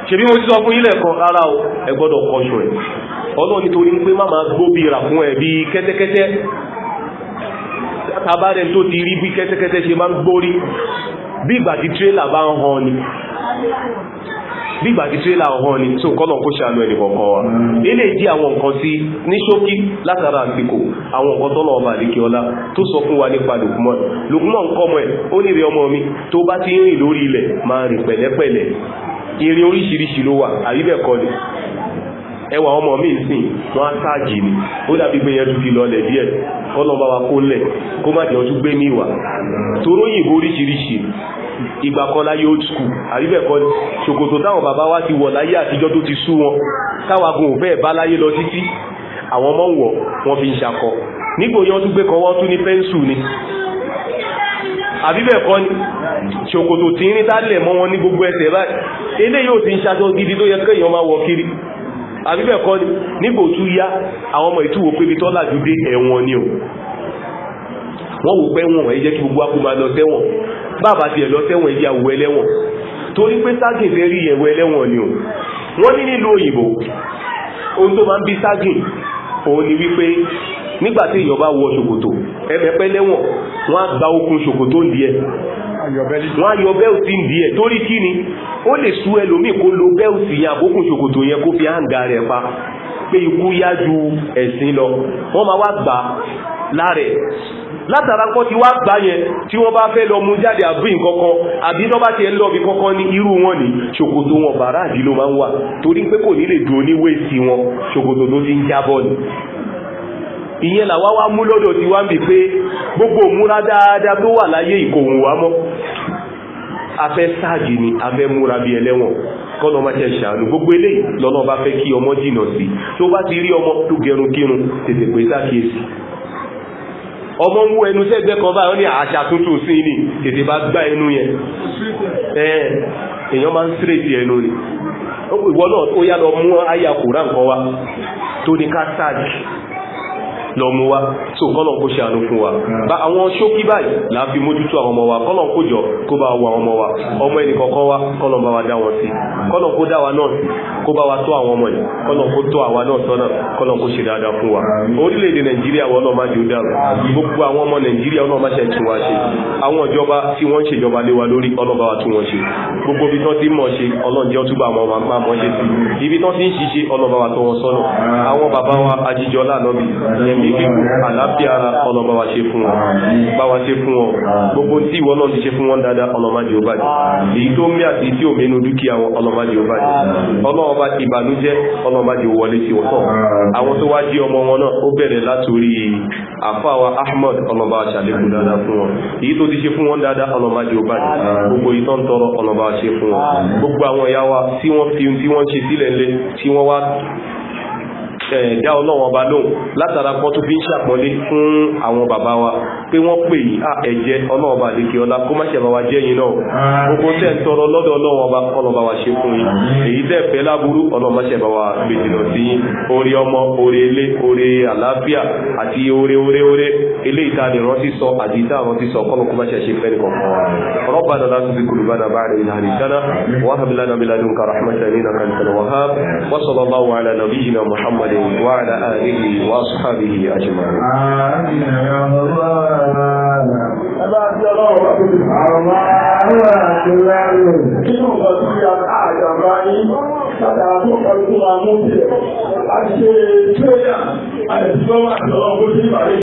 S3: ṣebí mo ti sọ fún ilẹ̀ kan
S1: rárá o ẹ gbọ́dọ̀ pé má máa tabarẹ̀ tó ti rí bí kẹ́tẹ́kẹ́tẹ́ ṣe máa ń gbórí bí ìgbà tí tírélà bá ń hàn ni bí ìgbà tí tírélà ọ̀hán ni tí ó kọ́nà kó ṣàánú ẹni kọ̀ọ̀kan wa ilé ìdí àwọn nǹkan sí ní ṣókí látara àsìkò àwọn nǹkan tọ́nà ọba àdíkíọlá tó sọ fún wa nípa lùkúmọ̀ ẹwà ọmọ mi sìn wọ́n á sáàjì ni ó dàbí gbé yẹn dúdú lọlẹ̀ díẹ̀ ọlọ́ba wa kó lẹ̀ kó má jẹ́ ọdún gbé ní ìwà toróyìnbó oríṣiríṣi ìgbà kan láyé old school àríbẹ̀kọ́ ṣòkòtò táwọn bàbá wa ti wọ̀ láyé àtijọ́ tó ti sú wọn táwagun ò fẹ́ bá láyé lọ títí àwọn ọmọ wọ̀ wọ́n fi ń ṣakọ nígbòyàn tún gbé kan tún ní pẹ́ńsù ni àbíbẹ̀kọ́ ni ṣòkòtò tí ń rí tálẹ̀ mọ́ wọn ní gbogbo ẹsẹ̀ báyìí eléyìí ò ti ń ṣaṣọ gidi tó yẹ kéèyàn máa wọ̀ kiri àbíbẹ̀ kọ́ ní nígbò tún yá àwọn ọmọ ìtúwò pé bí tọ́lá jù dé ẹ̀wọ̀n ni o wọ́n wò pẹ́ wọ̀n ẹ jẹ́ kí gbogbo akú máa lọ tẹ́wọ̀n bàbá ti ẹ̀ lọ tẹ́wọ̀n ẹ̀yà wọ ẹlẹ́wọ̀n torí pé ságìn fẹ́ rí ẹ̀wọ̀ ẹlẹ́wọ̀n ni o wọ́n ní nílùú òyìnbó ohun tó máa ń bí ságìn òun ni wípé nígbàtí ìyọba wọ ṣòkòtò ẹ̀pẹ̀pẹ̀ lẹ́wọ̀n wọ́n á gba okùn ṣòkòtò ń díẹ̀ wọ́n á yọ bẹ́ẹ̀tì ń díẹ̀ torí kí ni ó lè sú ẹlòmí kó lo bẹ́ẹ̀tì yẹn àbókùn ṣòkòtò yẹn kó fi áǹgà rẹ̀ pa pé ikú yá ju ẹ̀sìn lọ wọ́n máa wá gbà láàrẹ̀ látara kọ́ ti wá gbá yẹn tí wọ́n bá fẹ́ lọ mú jáde àbí nǹkankan àbí tó ti ń lọ́bi kankan ní irú wọn ni ṣòkòtò wọn bàrá àdí ló máa ń wà torí pé kò ní lè dúró ní wéèsì wọn ṣòkòtò tó ti ń jábọ́ ni ìyẹn làwa wá mú lọ́dọ̀ tí wá ń bì pé gbogbo múra dáadáa tó wà láyé ìkòhùn wa mọ́ afẹ́ sáàgì ni afẹ́ múra bí ẹlẹ́wọ̀n kọ́nà máa jẹ́ ṣàánú gbogbo ilé lọ́nà bá fẹ́ kí ọmọ jìnà sí tó bá ti rí ọmọ tó gẹrun kírun tètè pé sákìyèsí ọmọ mú ẹnu sẹ́gbẹ́ kan báyọ́ ní àṣà tuntun sí ní tètè bá gbá ẹnu yẹn èèyàn máa ń sírètì ẹnu ni ìwọ náà ó yá lọ mú àyà kùrán kan wá tó ní ká sáàgì lọ mú wá so kọ́lọ̀ kó ṣàánú fún wa bá àwọn ṣókí báyìí láàfi mójútó àwọn ọmọ wa kọ́lọ̀ kó jọ kó bá wa ọmọ wa ọmọ ẹnìkọ̀ọ̀kan wa kọ́lọ̀ bá wa dá wọn sí kọ́lọ̀ kó dá wa náà sí kó bá wa tó àwọn ọmọ yìí kọ́lọ̀ kó tó àwa náà sọ́nà kọ́lọ̀ kó ṣe dáadáa fún wa orílẹ̀-èdè nàìjíríà wọn náà má jò dàrú gbogbo àwọn ọmọ nàìjíríà náà má ṣe tún wa ṣe àwọn ìjọba tí wọ́n ń ṣèjọba lé wa lórí ọlọ́ba wa tún wọn ṣe gbogbo ibi tán ti mọ̀ mọ̀ ṣe sí ní gígùn àlàáfíà ara ọlọ́ba wa ṣe fún wọn bá wa ṣe fún wọn gbogbo tí ìwọ náà ti ṣe fún wọn dáadáa ọlọ́mọdé ó bàjẹ́ èyí tó mí àti tí ò mẹ́nu dúkìá wọn ọlọ́mọdé ó bàjẹ́ ọlọ́ọba ìbànújẹ́ ọlọ́mọdé ó wọlé sí wọn tán àwọn tó wá jí ọmọ wọn náà ó bẹ̀rẹ̀ látòrí àfáwa Ahmad ọlọ́ba ṣàlékún dáadáa fún wọn èyí tó ti ṣe fún wọn dáadáa ọlọ́mọdé ó gbogbo ìtàn tọrọ ọlọ́ba ṣe fún wọn gbogbo àwọn ìyá tí wọ́n fi tí wọ́n ṣe sílẹ̀ lé tí wọ́n wá ẹ̀ẹ̀dá ọlọ́wọ́n ọba lóhùn látara pọ́ tó fi ń ṣàpọ́lé fún àwọn bàbá wa pé wọ́n pè yí ẹ̀jẹ́ ọlọ́wọ́n ọba àdékè ọlá kó má ṣẹ̀bá wa jẹ́ yìí náà gbogbo tẹ́ ń tọrọ lọ́dọ̀ ọlọ́wọ́n ọba ọlọ́ba wa ṣe fún yín èyí tẹ́ fẹ́ láburú ọlọ́mọ ṣẹ̀bá wa gbèjì وعلى آله وأصحابه
S2: أجمعين آمين يا الله أبعد الله الله أكبر